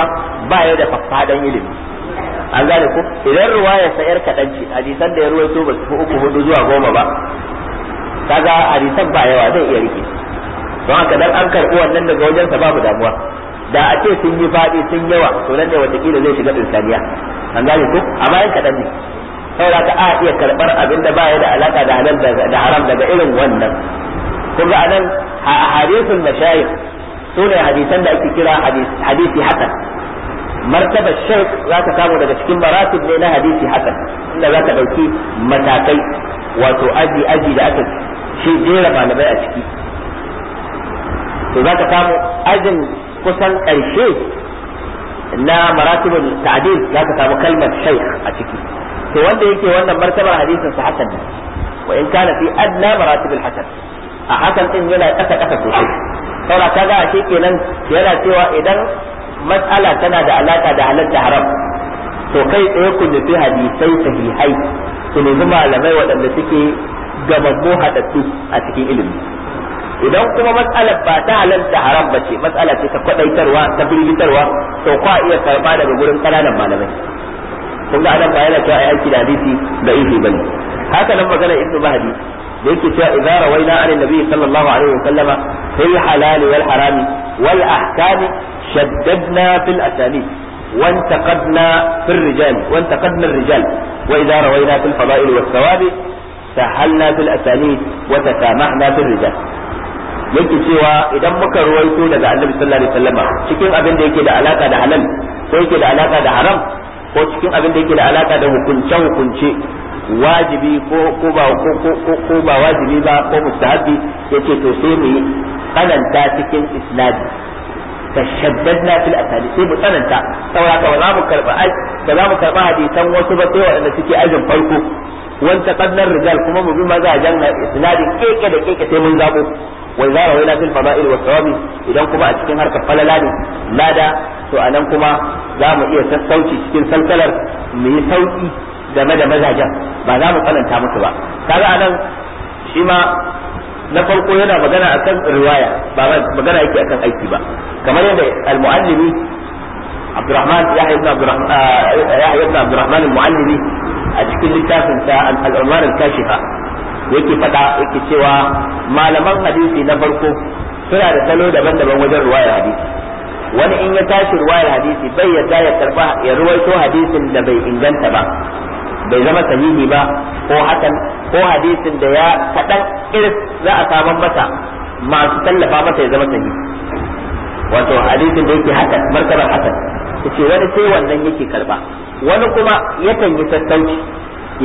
A: ba ya da faffadan ilimi an gane ko idan ruwaya sa yar kadan ce hadisan da ya ruwaito ba su uku hudu zuwa goma ba kaga hadisan ba yawa zai iya rike don haka dan an karbi wannan daga wajen sa babu damuwa da a ce sun yi fadi sun yawa to nan ne wata kila zai shiga insaniya an gane ko amma yan kadan ne saboda ka a iya karbar abin da baya da alaka da halal da haram daga irin wannan kun ga anan hadisul mashayikh sune hadisan da ake kira hadisi hasan martaba shaykh zaka samu daga cikin maratib ne na hadisi hasan inda za zaka dauki matakai wato aji aji da aka shi jera malamai a ciki to zaka samu ajin kusan karshe na maratibul ta'dil zaka samu kalmar shaykh a ciki to wanda yake wannan martaba hadisin sa hasan ne wa in kana fi adna maratibil hasan a hasan din yana kasa kasa sosai saboda kaga ashe kenan yana cewa idan mas'ala tana da alaka da halal haram to kai tsaye ku nufi hadisai sahihai ku nemi malamai waɗanda suke gamammu haɗattu a cikin ilimi idan kuma matsalar ba ta halarta haram ba ce matsala ce ta kwaɗaitarwa ta firgitarwa to kwa iya karɓa daga gurin ƙananan malamai kun ga anan ba yana cewa ai aiki da hadisi da ihi bane haka nan magana ibnu mahdi da yake cewa idza rawaina an nabi sallallahu alaihi wasallam fil halal wal haram wal ahkam shaddadna fil asanid وانتقدنا في الرجال وانتقدنا الرجال وإذا روينا في الفضائل والثواب سهلنا في الأسانيد وتسامحنا في الرجال yake cewa idan muka ruwaito daga annabi sallallahu alaihi wasallam cikin abin da yake da alaka da halal ko yake da alaka da haram ko cikin abin da yake da alaka da hukunce hukunce wajibi ko ko ba ko ba wajibi ba ko mustahabi yace to sai mu tsananta cikin isnadi tashaddadna fil asali sai mu tsananta saboda ka za mu karba ba za mu karba hadisan wasu ba sai waɗanda suke ajin farko wanta qadnar rijal kuma mu bi mazajen na isnadin keke da keke sai mun zabo wai zara wai lafil fada'il wa sawabi idan kuma a cikin harkar falala ne lada to anan kuma za mu iya sassauci cikin salsalar mu yi sauki game da mazajen ba za mu tsananta musu ba kaga anan shi ma na farko yana magana a kan riwaya ba magana yake akan aiki ba kamar yadda al-muallimi Abdurrahman ya ibn Abdurrahman ah, Yahya Abdurrahman al-muallimi a cikin littafin sa al-Umar al-Kashifa yake fada yake cewa malaman hadisi na farko suna da salo daban-daban wajen riwaya hadisi wani in ya tashi ruwayar hadisi bai yadda ya karba ya ruwaito hadisin da bai inganta ba bai zama sahihi ba ko hakan ko hadisin da ya kaɗan iris za a saman masa masu tallafa masa ya zama sahihi wato hadisin da yake hakan martabar hakan ce wani sai wannan yake karba wani kuma yakan yi sassauci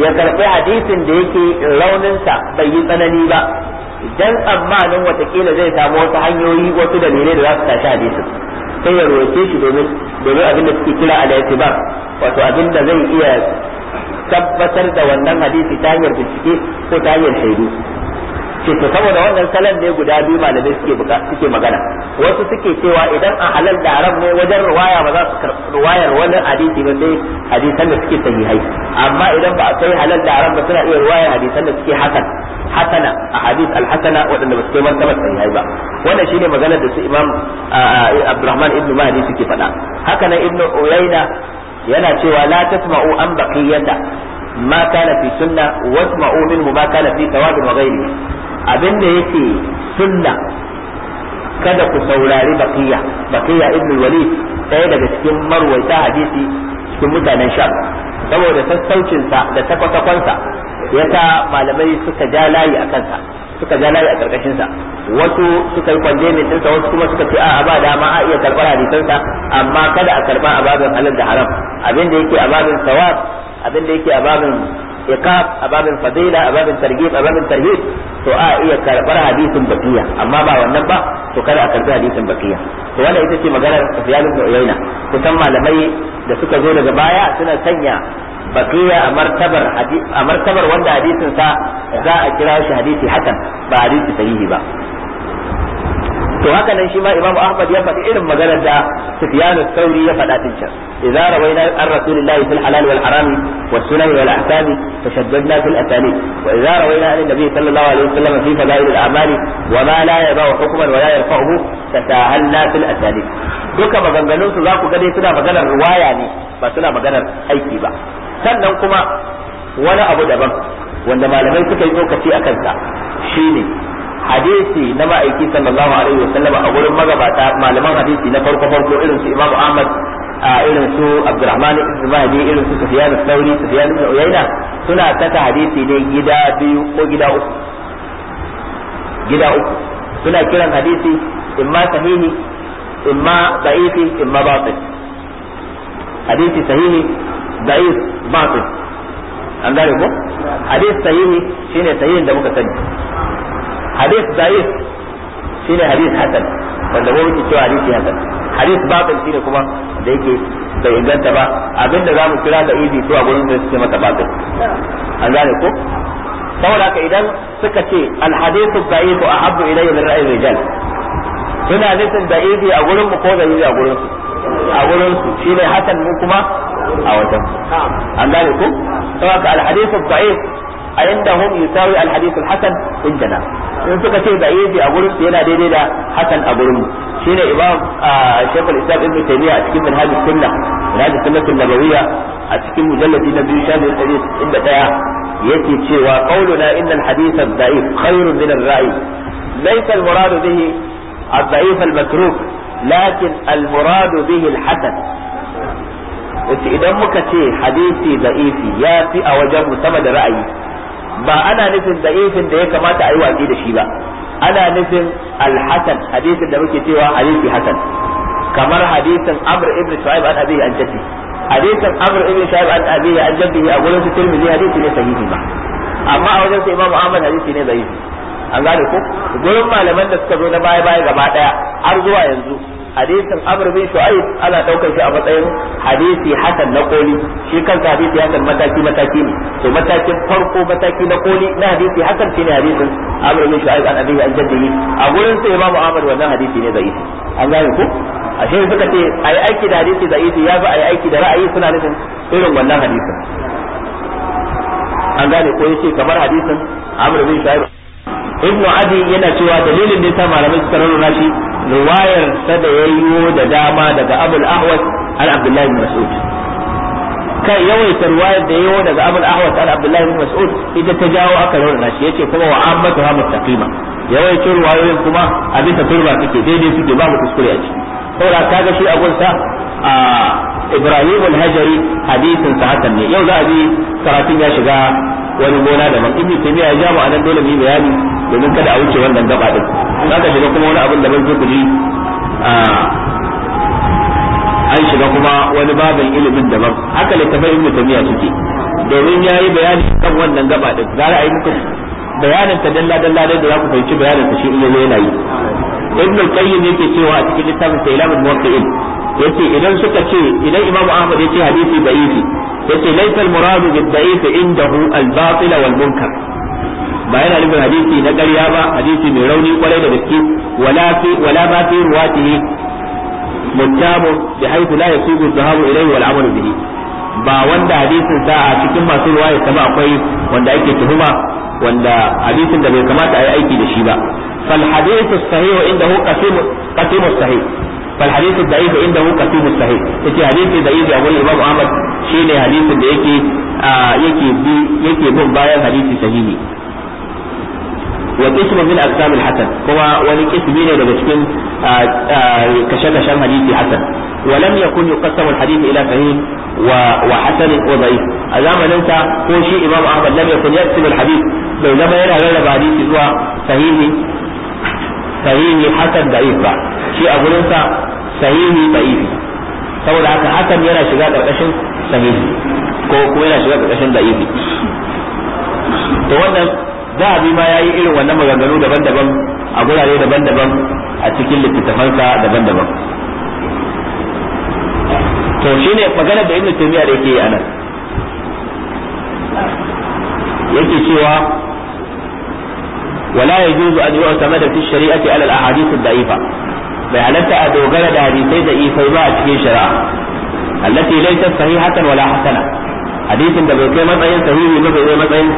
A: ya karbi hadisin da yake rauninsa bai yi tsanani ba idan tsammanin watakila zai samu wasu hanyoyi wasu dalilai da za su tashi hadisin sai ya roƙe shi domin domin abin da suke kira al-i'tibar wato abin da zai iya tabbatar da wannan hadisi ta hanyar bincike ko ta hanyar shaidu ce to saboda wannan salon ne guda biyu malamai suke buka suke magana wasu suke cewa idan a halal da haram ne wajen ruwaya ba za su karɓi ruwayar wani hadisi ba sai hadisan da suke sahihai amma idan ba a sai halal da haram ba suna iya ruwayar hadisan da suke hasan hasana a hadis al-hasana waɗanda ba su kai martaba sahihai ba wannan shine magana da su imam Abdurrahman ibn Mahdi suke faɗa haka nan ibn Uyayna yana cewa la tasma'u an baqiyata ma kana fi sunna wasma'u minhu ma kana fi wa abinda yake sunna kada ku saurari baqiya baqiya ibn walid ɗaya daga cikin marwaita hadisi su mutanen sha saboda sassaucinsa da takwasakwansa ya sa malamai suka ja layi a kansa suka ja layi a karkashinsa wasu suka yi kwandemin ɗinsa wasu kuma suka ce a ba dama a iya karɓar hadisansa amma kada a karɓa a babin halal da haram abinda yake a babin sawab abin da yake a babin iqab a babin fadila a babin targhib a babin tarhib to a iya karbar hadisin bakiya amma ba wannan ba to kada a karbi hadisin bakiya to wannan ita ce maganar Sufyan ibn Uyayna kusan malamai da suka zo daga baya suna sanya bakiya a martabar a martabar wanda hadisin sa za a kira shi hadisi hakan ba hadisi sahihi ba to haka nan shi ma Imam Ahmad ya faɗi irin maganar da Sufyan sauri ya faɗa din can idza rawaina an rasulillahi fil halal wal haram was sunan wal ahkam tashaddadna fil asalib wa idza rawaina an nabi sallallahu alaihi wasallam fi fadail al a'mali wa ma la yadau hukman wa la yarfa'uhu tatahanna fil asalib duka maganganun su za ku ga dai suna maganar riwaya ne ba suna maganar aiki ba sannan kuma wani abu daban wanda malamai suka yi tsokaci a kansa shine hadisi na ma'aiki sallallahu alaihi wasallam a gurin magabata malaman hadisi na farko farko irin su Imam Ahmad a irin su Abdurrahman ibn Mahdi irin su Sufyan al-Thawri Sufyan ibn Uyayna suna saka hadisi ne gida biyu ko gida uku gida uku suna kiran hadisi imma sahihi imma da'ifi imma batil hadisi sahihi da'if batil an gane ko hadisi sahihi shine sahihin da muka sani hadith da'if shine hadith hasan wanda ba wuce cewa hadisi hasan hadith batil shine kuma da yake bai inganta ba abinda zamu kira da izi zuwa a gurin da suke mata batil an gane ko saboda haka idan suka ce al hadithu da'ifu ahabbu ilayya min ra'yi rijal suna nufin da izi a gurin mu ko da izi a gurin su a gurin su shine hasan mu kuma a wajen an gane ko saboda al hadithu da'if عندهم يساوي الحديث الحسن عندنا in suka ce da yaji a gurin su yana daidai da hasan a gurin shine imam shaykhul islam ibnu taymiya a cikin manhaj sunna manhaj sunnatul nabawiyya a cikin mujalladi na biyu shafi ɗari inda ɗaya yake cewa qauluna innal hadith ad-da'if khairun min ar-ra'i laysa al-murad bihi ad-da'if al-matruk lakin al-murad bihi al-hasan idan muka ce hadisi da'ifi ya fi a wajen sama da ra'ayi ba ana nufin da'ifin da ya kamata a yi watsi da shi ba ana nufin alhassan hadisin da muke cewa hadisi hasan kamar hadisin amr ibn shu'aib an abihi an jaddi hadisin amr ibn shu'aib an abihi an jaddi a gurin su tirmidhi hadisi ne sahihi ba amma a wajen sa imamu ahmad hadisi ne da'ifi an gane ko gurin malaman da suka zo na baya baya gaba daya har zuwa yanzu hadisin amr bin shu'aib ana daukar shi a matsayin hadisi hasan na koli shi kansa hadisi hasan mataki mataki ne to matakin farko mataki na koli na hadisi hasan shine hadisin amr bin shu'aib an abi an jaddi a gurin sai imam amr wannan hadisi ne zai an gane a shi suka ce ai aiki da hadisi da'ifi ya fi ai aiki da ra'ayi suna nufin irin wannan hadisin an gane ko yace kamar hadisin amr bin shu'aib ibnu adi yana cewa dalilin da yasa malamai suka rarrana shi riwayar ta da yayyo da dama daga abul ahwas al abdullahi bin mas'ud kai yawaita riwayar da yayyo daga abul ahwas al abdullahi bin mas'ud ita ta jawo aka rauna shi yace kuma wa ammatu ha mustaqima yawaita riwayoyin kuma a bisa turba suke daidai suke babu kuskure a ciki saboda kaga shi a gunsa a Ibrahim al-Hajari hadisin sa hakan ne yau za a bi karatun ya shiga wani gona da daban ibnu taymiya ya ja mu anan dole mu yi bayani domin kada a wuce wannan gaba din za ka shiga kuma wani abin da ban ku ji an shiga kuma wani babin ilimin daban haka littafin ibnu tamiya suke domin yayi bayani kan wannan gaba din za a yi muku bayanin ta dalla dalla da za ku fahimci bayanin ta shi ilimi yana yi ibnu qayyim yake cewa a cikin littafin sa ilamul muwaqqi'in yace idan suka ce idan imamu ahmad yace hadisi da'ifi yace laysa al-muradu bid-da'if indahu al-batil wal-munkar ba yana nufin hadisi na ƙarya ba hadisi mai rauni kwarai da gaske wala ba fi ruwatihi muttabu bi haythu la yasubu dhahabu ilayhi wal amalu bihi ba wanda hadisin sa a cikin masu ruwa ya ba akwai wanda ake tuhuma wanda hadisin da bai kamata a yi aiki da shi ba fal hadithu sahih indahu qasim qasim sahih fal hadithu da'if indahu qasim sahih yace hadisi da'if a gurin Imam Ahmad shine hadisin da yake yake bin bayan hadisi sahihi wa qismu min aqsam al-hasan kuma wani qismi ne daga cikin kashe-kashen hadisi hasan wa lam yakun yuqassamu al-hadith ila sahih wa wa hasan wa da'if a zamanin sa ko shi imam ahmad lam yakun yaqsim al-hadith bai zama yana rarraba hadisi zuwa sahihi sahihi hasan da'if ba shi a gurin sa sahihi da'ifi saboda haka hasan yana shiga karkashin sahihi ko kuma yana shiga ƙarƙashin da'ifi to wannan zahabi ma yi irin wannan maganganu daban-daban a gurare daban-daban a cikin littattafansa daban-daban to shi ne maganar da ibnu tumiya da yake yi anan yake cewa ولا يجوز أن يعتمد في الشريعة على الأحاديث الضعيفة bai halatta a dogara da hadisai da ifai ba a cikin shari'a allati laysa sahihatan wala hasana hadisin da bai kai matsayin sahihi ba bai kai matsayin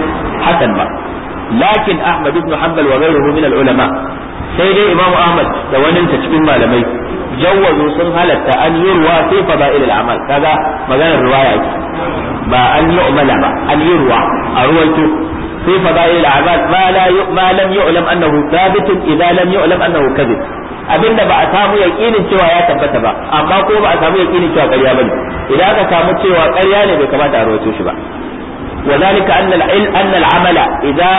A: hasan ba lakin ahmad ibn hanbal wa ghayruhu min ulama sai dai imamu ahmad da wani ta cikin malamai jawazu sun halatta an yurwa fi fada'il al-amal kaga maganar riwaya ce ba an yu'mala ba an yurwa a ruwaito fi fada'il al-amal ma la ma lam abinda ba a samu yaƙinin cewa ya tabbata ba amma ko ba a samu yaƙinin cewa ƙarya bane idan aka samu cewa ƙarya ne bai kamata a rawaito shi ba وذلك أن العلم أن العمل إذا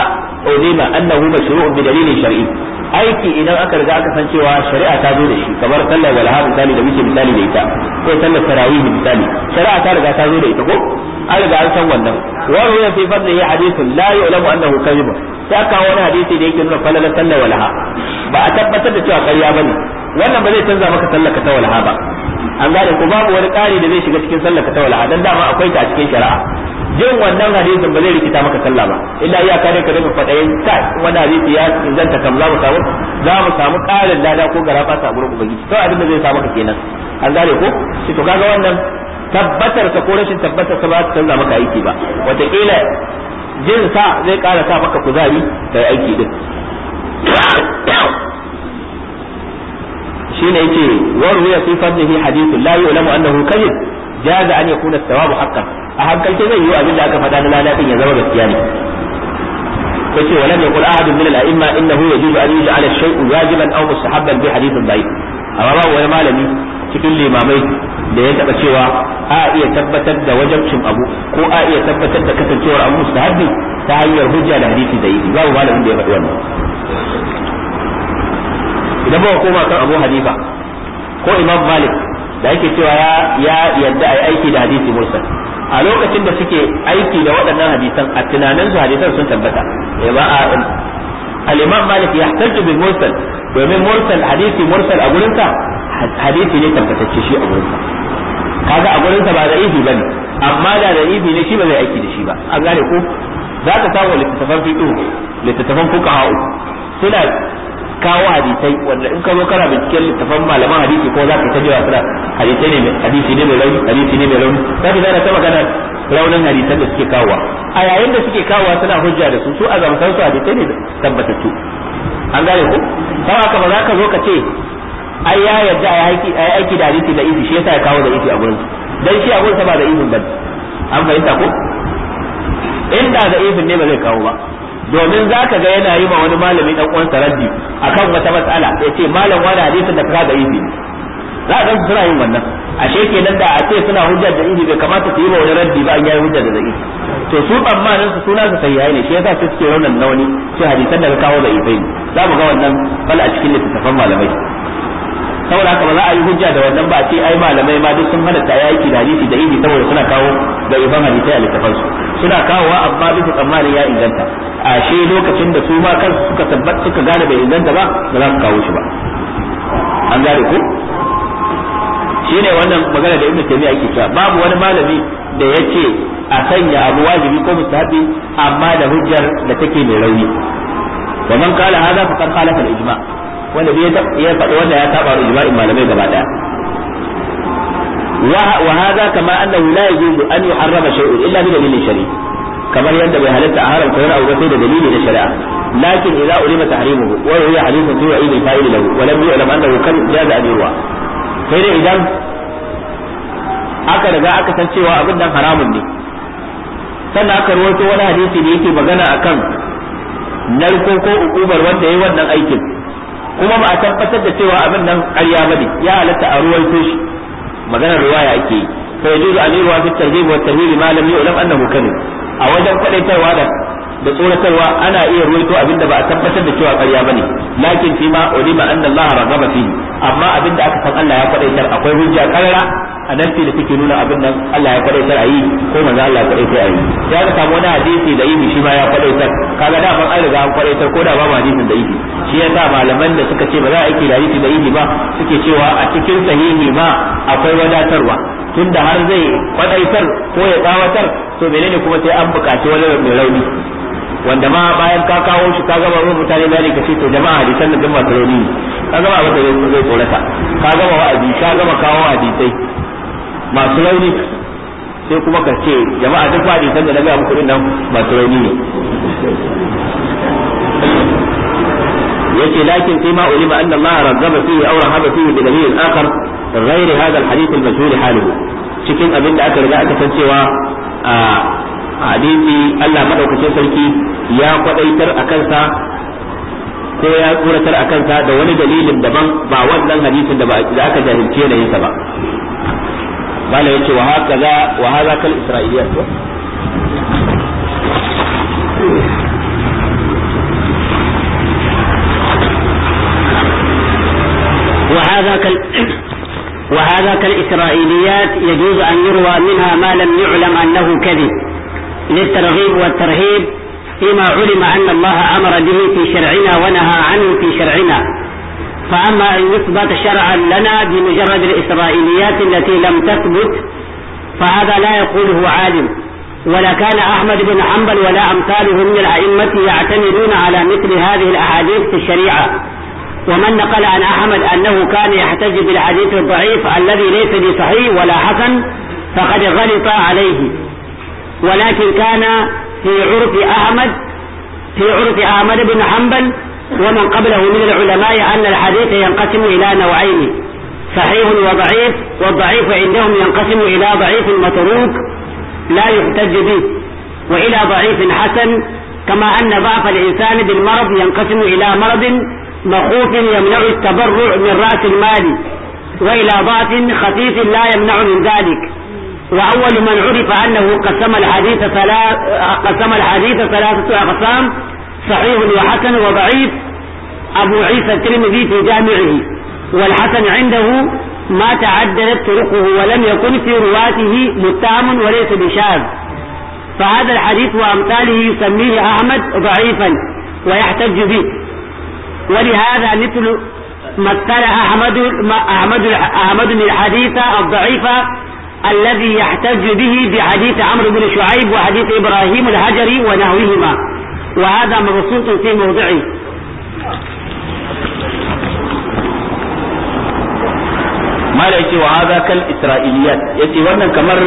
A: أذن أنه مشروع بدليل شرعي aiki idan aka riga aka san cewa shari'a ta zo da shi kamar sallar walha misali da muke misali da ita ko sallar tarawih misali shari'a ta riga ta zo da ita ko an riga an san wannan wa ruwa fi fadlihi hadithun la yu'lamu annahu kadhib sai aka wani hadisi da yake nuna falala sallah walaha ba a tabbatar da cewa ƙarya bane wannan ba zai canza maka sallaka ta walaha ba an gane ko babu wani ƙari da zai shiga cikin sallaka ta walaha dan dama akwai ta a cikin shari'a jin wannan hadisin ba zai rikita maka sallah ba illa iya kare ka daga fadayin ta wani hadisi ya inganta kam za mu samu za mu samu ƙarin lada ko garafa ta gurin ubangiji to abin da zai sa maka kenan an gane ko shi to kaga wannan tabbatar ka ko rashin tabbatar ka ba ta canza maka aiki ba wataƙila jin sa zai ƙara sa maka kuzari ka aiki din ne yake warwiya fi fadlihi hadithun la yu'lamu annahu kadhib jaza an ya kuna sawabu haqqan a hankalce zai yi abin da aka faɗa na lalatin ya zama gaskiya ne yace walam yaqul ahadun min al-a'imma innahu yajibu an yuj'ala ash-shay'u wajiban aw mustahabban bi hadithin da'if amma ba wani malami cikin limamai da ya taɓa cewa a iya tabbatar da wajabcin abu ko a iya tabbatar da kasancewar abu mustahabbi ta hanyar hujja da hadisi da yi babu malamin da ya faɗi wannan idan ba koma kan abu hanifa ko imam malik da yake cewa ya yadda a yi aiki da hadisi mursal a lokacin da suke aiki da waɗannan hadisan a tunanin su hadisan sun tabbata eh, ba a al-imam malik ya tartu mursal domin mursal hadisi mursal a gurin hadisi ne tabbatacce shi a gurinsa kaga a gurinsa ba da ibi bane amma da da ibi ne shi ba zai aiki da shi ba an gane ko za ka samu littattafan fiqh littattafan fuqaha suna kawo hadisai wanda in ka zo kana binciken littattafan malaman hadisi ko za ka ta jira suna hadisai ne hadisi ne mai rauni hadisi ne mai rauni za ka zara ta magana raunin hadisan da suke kawowa a yayin da suke kawowa suna hujja da su su a zamsan su hadisai ne tabbatattu an gane ko ba haka ba za ka zo ka ce ai ya yarda ai aiki ai aiki da hadisi da ifi shi yasa ya kawo da ifi a gurin dan shi a gurin sa ba da ifin bane an fahimta ko inda da ifin ne ba zai kawo ba domin za ka ga yana yi ma wani malami dan uwan raddi akan wata matsala ya ce malam wani hadisin da ka da ifi za a gansu suna yin wannan sheke nan da a ce suna hujja da ihi bai kamata su yi wa wani raddi ba an yayi hujja da da'i to su tsammanin su suna su yayi ne shi yasa su suke raunan na wani shi hadisan da ka kawo da ifai za mu ga wannan bal a cikin littattafan malamai saboda haka ba za a yi hujja da wannan ba ce ai malamai ma duk sun halatta ta yi da hadisi da ibi saboda suna kawo da ifan hadisai a littafan su suna kawowa amma bisa tsammanin ya inganta a she lokacin da su ma kansu suka tabbata suka gane bai inganta ba ba za su kawo shi ba an gane ku shine wannan magana da ibnu taymiya yake cewa babu wani malami da yake a sanya abu wajibi ko mustahabi amma da hujjar da take mai rauni wa man qala hadha faqad qala al-ijma' wanda ya faɗi wanda ya saba da ijma'in malamai gaba daya wa hadha kama annahu la yajuzu an yuharrama shay'un illa bi dalilin shari'i kamar yadda bai halatta a haramta wani abu sai da dalili na shari'a lakin idza ulima tahrimuhu wa huwa hadithun fi wa'id al-fa'il lahu wa lam yu'lam annahu kan jaza an yurwa sai dai idan aka riga aka san cewa abin nan haramun ne sannan aka rawaito wani hadisi da yake magana akan narko ko ukubar wanda yayi wannan aikin kuma ba a tabbatar da cewa abin nan ƙarya ne. ya halatta a ruwan shi maganar ruwaya ake yi Sai yajuzu an yurwa fi targhib wa tarhib ma lam annahu kadhib a wajen kwadaitarwa da da tsoratarwa ana iya ruwaito abin da ba a tabbatar da cewa ƙarya ne. lakin fi ma ulima anna Allah ragaba fi amma abin da aka san Allah ya kwadaitar akwai hujja karara a nan da take nuna abin nan Allah ya faɗaitar a yi ko manzo Allah ya faɗaitar a yi ya ka samu wani hadisi da yi shi ma ya faɗaitar kaga da ban an riga an faɗaitar ko da ba ma hadisin da yi shi ya sa malaman da suka ce ba za a yi da hadisi da yi ba suke cewa a cikin sahihi ma akwai wadatarwa tunda har zai faɗaitar ko ya tsawatar to menene kuma sai an buƙaci wani mai rauni wanda ma bayan ka kawo shi ka gama ruwan mutane da ka ce to jama'a hadisan da gama rauni ka gama abin da zai tsorata ka gama wa'azi ka gama kawo hadisai masu rauni sai kuma ka ce jama'a duk faɗi san da na gaya muku nan masu rauni ne yace lakin sai ma ulima anna Allah razzaba fihi aw rahaba fihi bi dalil akhar al hadith al mashhur حاله cikin abin da aka riga aka san cewa a hadisi Allah madaukakin sarki ya kwadaitar a kansa ko ya tsoratar a kansa da wani dalilin daban ba wannan hadisin da aka jahilce da yinsa ba قال يا wa hakaza وهذا كالاسرائيليات وهذا كال *coughs* وهذا كالإسرائيليات يجوز أن يروى منها ما لم يعلم أنه كذب للترغيب والترهيب فيما علم أن الله أمر به في شرعنا ونهى عنه في شرعنا فأما أن يثبت شرعا لنا بمجرد الإسرائيليات التي لم تثبت فهذا لا يقوله عالم ولا كان أحمد بن حنبل ولا أمثاله من الأئمة يعتمدون على مثل هذه الأحاديث في الشريعة ومن نقل عن أحمد أنه كان يحتج بالحديث الضعيف الذي ليس بصحيح ولا حسن فقد غلط عليه ولكن كان في عرف أحمد في عرف أحمد بن حنبل ومن قبله من العلماء أن الحديث ينقسم إلى نوعين صحيح وضعيف والضعيف عندهم ينقسم إلى ضعيف متروك لا يحتج به وإلى ضعيف حسن كما أن ضعف الإنسان بالمرض ينقسم إلى مرض مخوف يمنع التبرع من رأس المال وإلى ضعف خفيف لا يمنع من ذلك وأول من عرف أنه قسم الحديث ثلاث قسم الحديث ثلاثة أقسام صحيح وحسن وضعيف أبو عيسى الترمذي في جامعه والحسن عنده ما تعددت طرقه ولم يكن في رواته متهم وليس بشاذ فهذا الحديث وأمثاله يسميه أحمد ضعيفا ويحتج به ولهذا مثل مثل أحمد أحمد أحمد الحديث الضعيف الذي يحتج به بحديث عمرو بن شعيب وحديث إبراهيم الهجري ونحوهما وهذا مبسوط في موضعه mala yake wa hadha kal isra'iliyat yace wannan kamar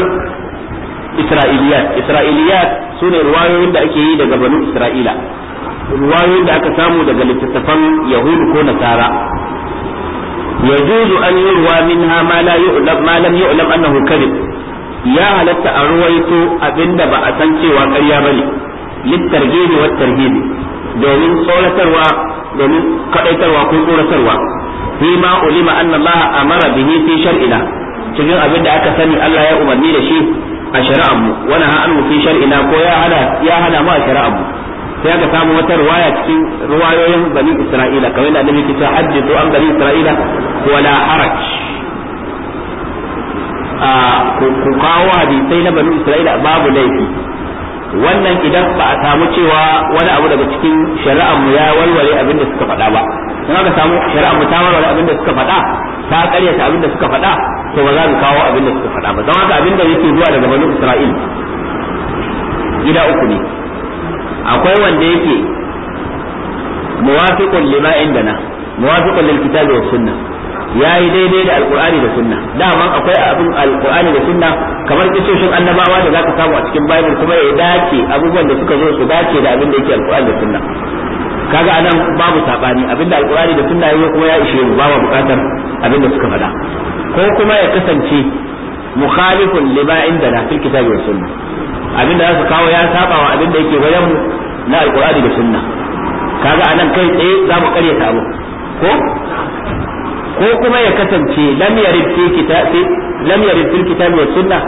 A: isra'iliyat isra'iliyat sune ruwayoyin da ake yi daga banu isra'ila ruwayoyin da aka samu daga littattafan yahudu ko nasara yajuzu an yurwa minha ma la yu'lam ma lam yu'lam annahu kadhib ya halatta a ruwaito abinda ba a san cewa ƙarya bane littargibi wa tarhibi domin tsoratarwa domin kadaitarwa ko tsoratarwa fi ma ulima anna Allah amara bihi fi shar'ina cikin abin da aka sani Allah ya umarni da shi a shari'ar mu wa naha fi shar'ina ko ya hana ya hana mu a shari'ar mu sai aka samu wata riwaya cikin ruwayoyin bani Isra'ila kamar da Annabi ya ce hajjatu an bani Isra'ila wala haraj ku kawo hadisai na bani Isra'ila babu laifi wannan idan ba a samu cewa wani abu daga cikin shari'ar mu ya walwale abin da suka faɗa ba in aka samu shari'ar mu ta walwale abin da suka faɗa ta ƙaryata abin da suka faɗa to ba za mu kawo abin da suka faɗa ba don haka abin da yake zuwa daga banu Isra'il gida uku ne akwai wanda yake muwafiqun lima indana muwafiqun lil kitabi was sunnah ya yi daidai da alkur'ani da sunna daman akwai abin alkur'ani da sunna kamar kisoshin annabawa da zaka samu a cikin bible kuma ya dace abubuwan da suka zo su dace da abin da yake alkur'ani da sunna kaga anan babu sabani abin da alkur'ani da sunna yayi kuma ya ishe mu babu bukatar abin da suka faɗa ko kuma ya kasance mukhalifun lima inda na fil kitabi wa sunna abin da za su kawo ya saba wa abin da yake wajen na alkur'ani da sunna kaga anan kai tsaye za mu karya abu ko ko kuma ya kasance lam yarid fi kitabi lam yarid fil kitabi was sunnah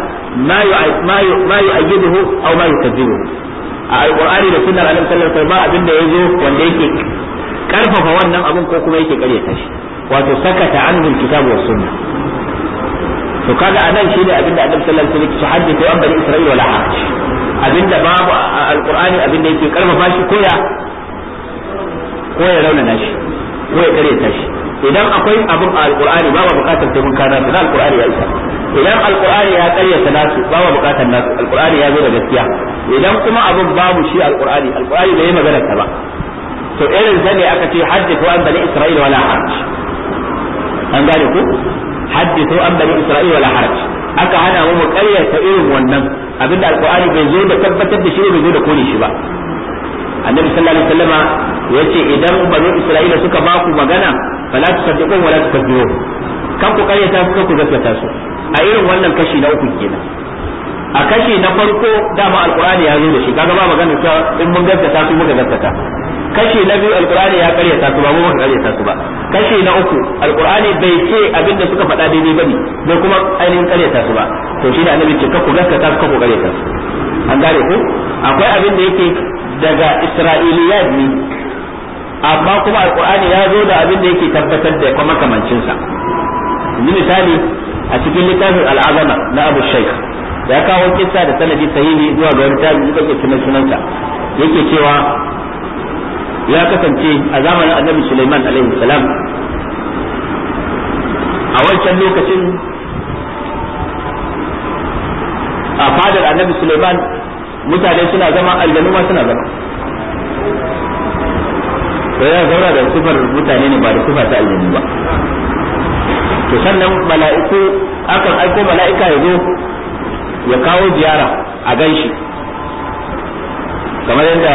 A: ma ma ma yu'ayyiduhu aw ma yukazzibuhu a alqur'ani da sunnar annabi sallallahu alaihi wasallam ba abin da yazo wanda yake karfafa wannan abin ko kuma yake karyata shi wato sakata anhu alkitabu was sunnah to kaga anan shi ne abin da annabi sallallahu alaihi wasallam ya haddisa an bani isra'ila wala hajj abinda babu alqur'ani abin da yake karfafa shi koya ya
B: ko ya raunana shi
A: ko ya karyata shi idan akwai abin a alqur'ani ba ba bukatar sai mun kana su na alqur'ani ya isa idan alqur'ani ya karyata nasu ba ba bukatar nasu alqur'ani ya zo da gaskiya idan kuma abin babu shi alqur'ani alqur'ani bai magana ta ba to irin zane aka ce haddithu an bani isra'ila wala haraj an gane ku haddithu an bani isra'ila wala haraj aka hana mu karyata irin wannan abinda alqur'ani bai zo da tabbatar da shi bai zo da kone shi ba annabi sallallahu alaihi wasallama yace idan bani isra'ila suka ba ku magana fala tusaddiqun wala tukadzibun kan ku karyata su ku gaskata su a irin wannan kashi na uku kenan a kashi na farko dama alqur'ani ya zo da shi kaga ba magana ta in mun gaskata su muka gaskata kashi na biyu alqur'ani ya karyata su ba mu muka karyata su ba kashi na uku alqur'ani bai ce abinda suka faɗa daidai bane bai kuma ainihin karyata su ba to shi ne annabi ce ka ku gaskata su ka ku karyata su an gane ku akwai abin da yake daga isra'iliyat ne amma kuma alqur'ani ya zo da abin da yake tabbatar da kuma kamancin sa misali a cikin littafin al'azama na Abu Shaykh ya kawo kissa da sanadi sahihi zuwa ga wani tabi'i da ke sunanta yake cewa ya kasance a zamanin annabi Sulaiman alaihi salam a wancan lokacin a fadar annabi Sulaiman mutane suna zama aljanuma ma suna zama to ya zaura da sifar mutane ne ba da sifa ta aljanu ba to sannan mala'iku akan aiko mala'ika ya zo ya kawo ziyara a ganshi kamar yadda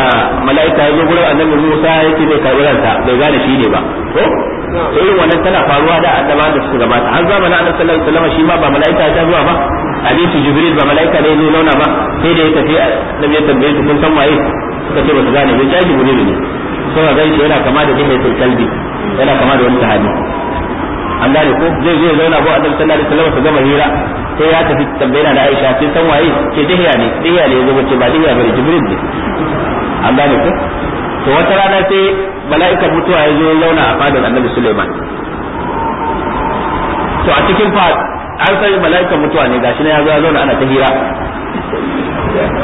A: mala'ika ya zo gurin annabi Musa yake zai karbi ranta bai gane shi ne ba to
B: sai irin wannan
A: tana faruwa da annaba da suka gabata har zamanin annabi sallallahu alaihi wasallam shi ma ba mala'ika ya zuwa ba hadisi jibril ba mala'ika ne zo launa ba sai da ya tafi annabi ya tambaye su kun san waye suka ce ba su gane ba jaji jibril ne sai zai yana kama da jihatul kalbi yana kama da wani sahabi an gane ko zai zai zauna ko annabi sallallahu alaihi wasallam su gama hira sai ya tafi tambayar da Aisha sai san waye ke dihiya ne dihiya ne yazo ce ba dihiya bane jibril ne an gane ko to wata rana sai mala'ikar mutuwa ya zo zauna a fadar annabi Sulaiman to a cikin fa an sai mala'ikar mutuwa ne gashi ne ya zo ya zauna ana ta hira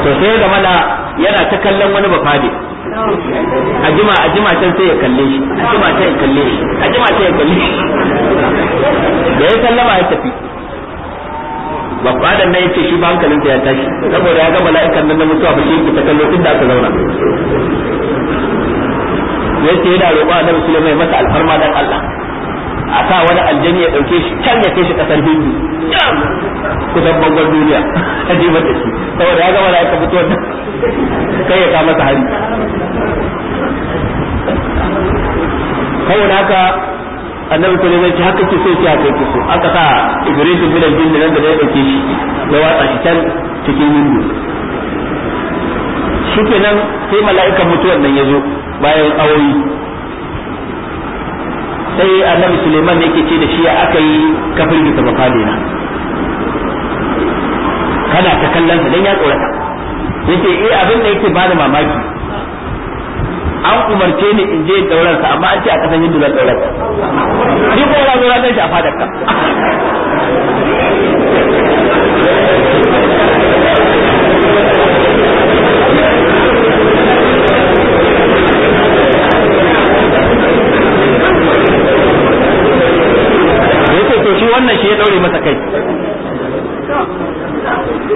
B: to sai ga mana
A: yana ta kallon wani bafade
B: a jima a jima can sai ya kalle shi a jima can ya kalle shi
A: a jima can ya kalle shi da ya sallama ya tafi babbadan nan ce shi ba hankalin ya tashi saboda ya ga mala'ikan nan na mutuwa ba shi yake ta kallo tun da aka zauna ce yana roƙo annabi Sulaiman masa alfarma dan Allah a sa wani aljani ya dauke shi can ya kai shi kasar hindu kusan bangon duniya *laughs* a jimar da shi saboda ya gama da aka fito da kai ya ka masa hari kawai haka annabi ko zai ci haka kiso ci haka so aka sa ibris bin al-jinn nan da ya dauke shi ya watsa shi can cikin hindu nan sai mala'ikan mutuwan nan ya zo bayan awoyi sai annabi suleiman ne ke ce da shi aka yi kafin gita mafade na kana ta kallon sa dan ya tsorata yake eh abin da yake bada mamaki an umarce ni in je daular sa amma an ce a kasan yadda zan daurar ni ko ba zura dan shi a fadar ka wannan shi ya daure masa kai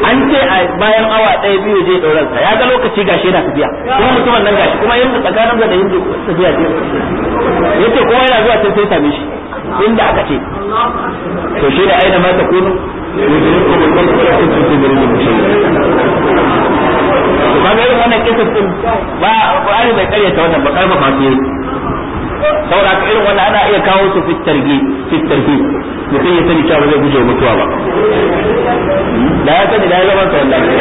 A: an ce a bayan awa ɗaya biyu je ɗauran sa ya ga lokaci gashi yana tafiya kuma mutumin nan gashi kuma yanzu tsakanin da yin tafiya ce ce kuma yana zuwa sai sai same shi inda aka ce to shi da aina mata ta kunu ba ga yi wannan kisa din ba ba bai karyata wannan ba karfafa su
B: saboda haka irin wannan ana
A: iya kawo su fi targi fi targi mutum ya sani cewa ba zai guje wa mutuwa ba da ya sani da ya zama sa wallahi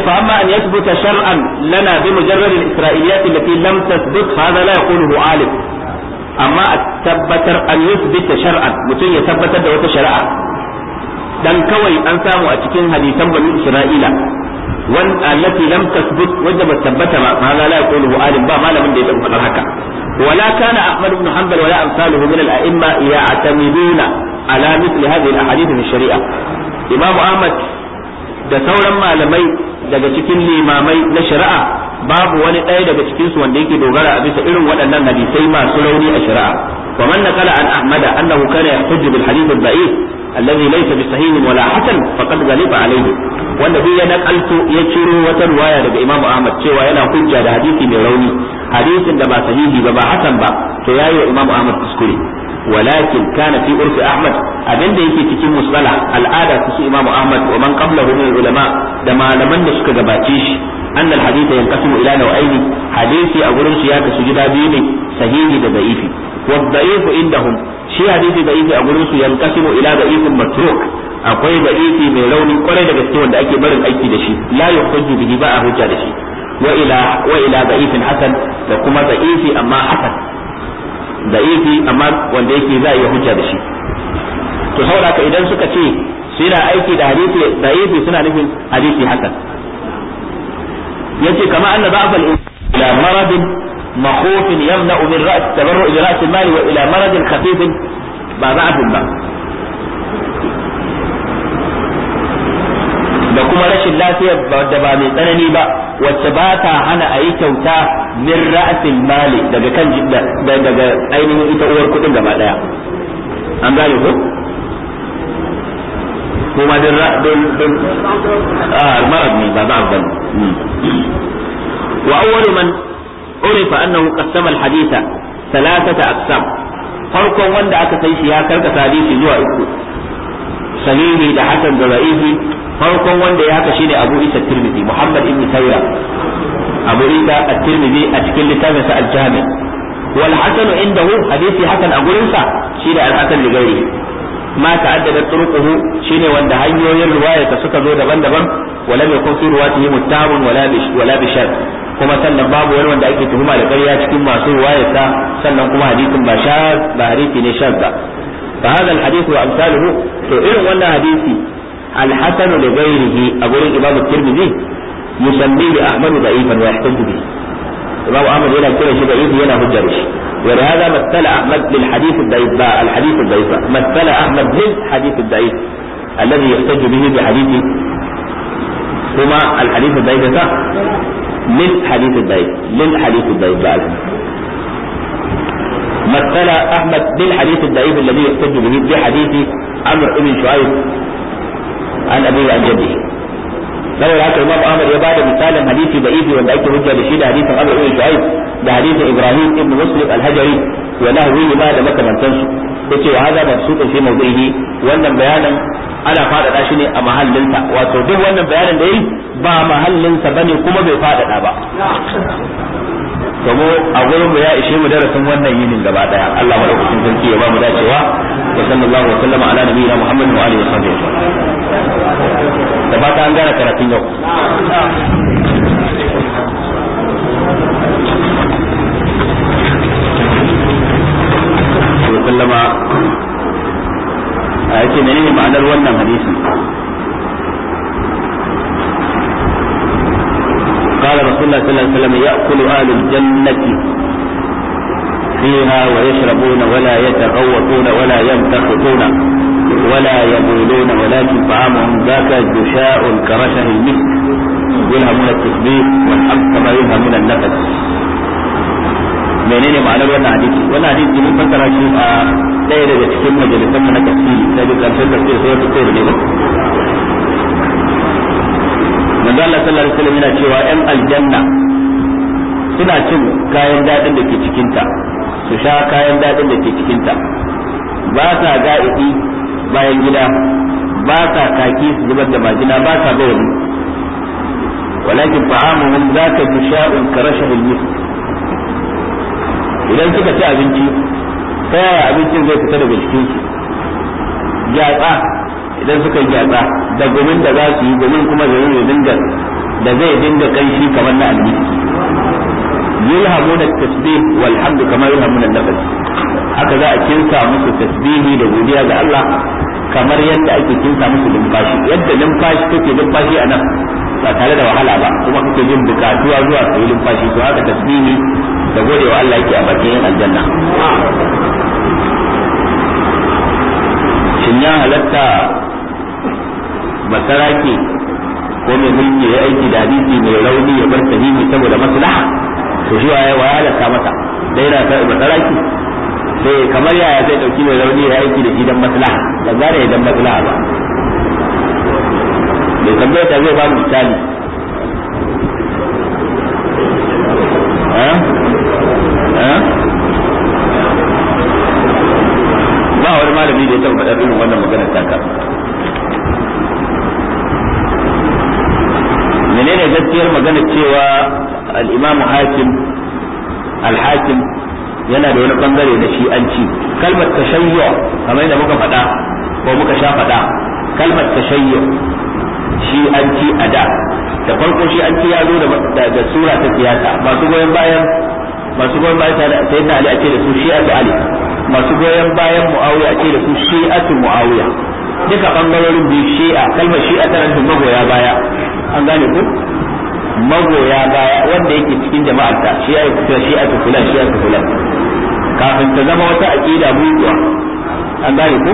A: فأما أن يثبت شرعا لنا بمجرد الإسرائيليات التي لم تثبت هذا لا يقوله عالم أما أتبتر أن يثبت شرعا متين يثبت دوت شرعا dan kawai an samu a cikin hadisan bani isra'ila wan allati lam tasbut wanda ba tabbata ba ma la yaqulu alim ba malamin da ya tabbata haka wala kana ahmad ibn hanbal wala amsaluhu min al-a'imma ya'tamiduna ala mithli hadhihi al-ahadith min sharia imam ahmad da sauran malamai daga cikin limamai na shari'a babu wani ɗaya daga cikin su wanda yake dogara a bisa irin waɗannan hadisai masu rauni a shari'a wa man naqala an ahmada annahu kana yahujju bil hadith al-da'if alladhi laysa bi sahihin wala hasan faqad ghaliba alayhi wanda biyu ya nakalto ya ciro wata riwaya daga Imam Ahmad cewa yana hujja da hadisi mai rauni hadisin da ba sahihi ba ba hasan ba to yayi wa Imam Ahmad kuskure ولكن كان في عرف احمد abin da yake cikin musala al'ada ta su imamu ahmad wa man qablahu min ulama da malaman da suka gabace shi anna al hadith yanqasimu ila naw'aini hadisi a gurin su ya kasu gida biyu ne sahihi da da'ifi wa inda indahum shi hadisi da yake a gurin su yankasimu ila da ifin matruk akwai da yake mai rauni kwarai da gaske wanda ake barin aiki da shi la yuhtajju bihi ba a hujja da shi wa ila wa ila da hasan da kuma da ifi amma hasan da ifi amma wanda yake za a hujja da shi to saboda idan suka ce suna aiki da hadisi da ifi suna nufin hadisi hasan yace kama anna ba'd al-ila maradin مخوف يمنع من رأس التبرع برأس المال وإلى مرض خفيف ما بعد المال da kuma rashin lafiyar da ba mai tsanani ba wacce ba ta hana a yi kyauta min ra'asin mali daga ainihin ita uwar kudin gaba an gane ko kuma din din a ah, marad ne ba ba ban hmm. wa awwalu man urifa annahu qassama al-haditha thalathata aqsam farkon wanda aka san shi ya karkasa hadisi zuwa uku sahihi da hasan da farkon wanda ya haka shine Abu Isa Tirmidhi Muhammad ibn Tayra Abu Isa At-Tirmidhi a cikin littafin sa Al-Jami' wal hasan indahu hadisi hasan a gurin sa shine al-hasan ligairi ma ta'addada turuquhu shine wanda hanyoyin riwayarsa suka zo daban-daban wala mai fi ruwa muttahabun wala bi wala kuma sannan babu wani wanda ake tuhuma da ƙarya cikin masu wayata sannan kuma hadisin ba sha ba hadisi ne shan ba fa hadha alhadith wa amsaluhu to irin wannan hadisi alhasan li ghairihi a gurin imam at-tirmidhi yusammi li ahmad da'ifan wa yahtaju bi imam ahmad yana kira shi da'ifi yana hujjar shi wa ahmad lil ad-da'if ولهذا مثل احمد للحديث الضعيف الحديث الضعيف مثل احمد للحديث الضعيف الذي يحتج به بحديث ثم الحديث الضعيف للحديث الضعيف للحديث الضعيف بعد مثل احمد بالحديث الضعيف الذي يحتج به في حديث عمرو بن شعيب عن ابي عن جده لو رأيت الإمام أحمد يا ابي سالم حديثي ضعيف وبأيت مجة لشيد حديث عمرو بن شعيب بحديث إبراهيم بن مسلم الهجري ونهوه بعد مكة من تنسوا yace wa hada mabsuqun fi mawdihi wannan bayanin ana fadada shi ne a mahallinsa wato duk wannan bayanin da yayi ba mahallinsa bane kuma bai fadada ba kamo a gurin ya ishe mu darasin wannan yinin gaba daya Allah madaukakin sarki ya ba mu dacewa wa sallallahu wa sallama ala nabiyina muhammadin wa alihi wa sahbihi da fata an gara karatun yau وسلم yake menene ma'anar wannan hadisin قال رسول الله صلى الله عليه وسلم يأكل أهل الجنة فيها ويشربون ولا يتغوطون ولا يمتخطون ولا يبولون ولكن طعامهم ذاك جشاء كرشه المسك يلهمون التسبيح والحق كما يلهمون النفس menene ma'anar wannan hadisi wannan hadisi mun fassara shi a ɗaya daga cikin majalisar mu na tafsiri da duk karshen tafsir sai wata sai ba. manzo Allah sallallahu alaihi wasallam yana cewa ɗan aljanna suna cin kayan dadin da ke cikin ta su sha kayan dadin da ke cikin ta ba sa ga'idi bayan gida ba sa kaki su zubar da majina ba sa bayani walakin fa'amuhum zaka bisha'un karashahu al-misk idan suka ci abinci ta yaya abincin zai fita daga cikin su gyatsa idan suka gyatsa da gumin da za su yi gumin kuma da zai dinga da zai dinga kanshi kamar na almiki yulhamuna tasbih walhamdu kama yulhamuna nafas haka za a kinsa musu tasbihi da godiya ga Allah kamar yadda ake kinsa musu numfashi yadda numfashi take numfashi a nan ba tare da wahala ba kuma kake jin bukatuwa zuwa ka yi lumfashi to haka tasbihi da godewa Allah yake a bakin yin aljanna shin ya halatta masaraki ko mai mulki ya aiki da hadisi mai rauni ya bar sahihi saboda maslaha to shi waye wa halatta masa dai na sai masaraki sai kamar yaya zai dauki mai rauni ya aiki da shi maslaha da zare dan maslaha ba mai tambaya ta zai ba mu misali ba wani malami da ya taɓa faɗa irin wannan magana taka menene gaskiyar magana cewa al imam hakim al-hakim yana da wani bangare na shi'anci kalmar tashayyu kamar da muka faɗa ko muka sha faɗa kalmar tashayyu shi an ci a da da farko shi an ci ya zo da sura ta siyasa masu goyon bayan masu goyon bayan sai na ali a ce da su shi'atu ali masu goyon bayan muawiya a ce da su shi'atu muawiya duka bangarorin biyu shi'a kalmar shi'a tana nufin magoya baya an gane ku magoya baya wanda yake cikin jama'ar ta shi'a ya fita shi'a ta fulan shi'a ta kafin ta zama wata aqida mutuwa an gane ku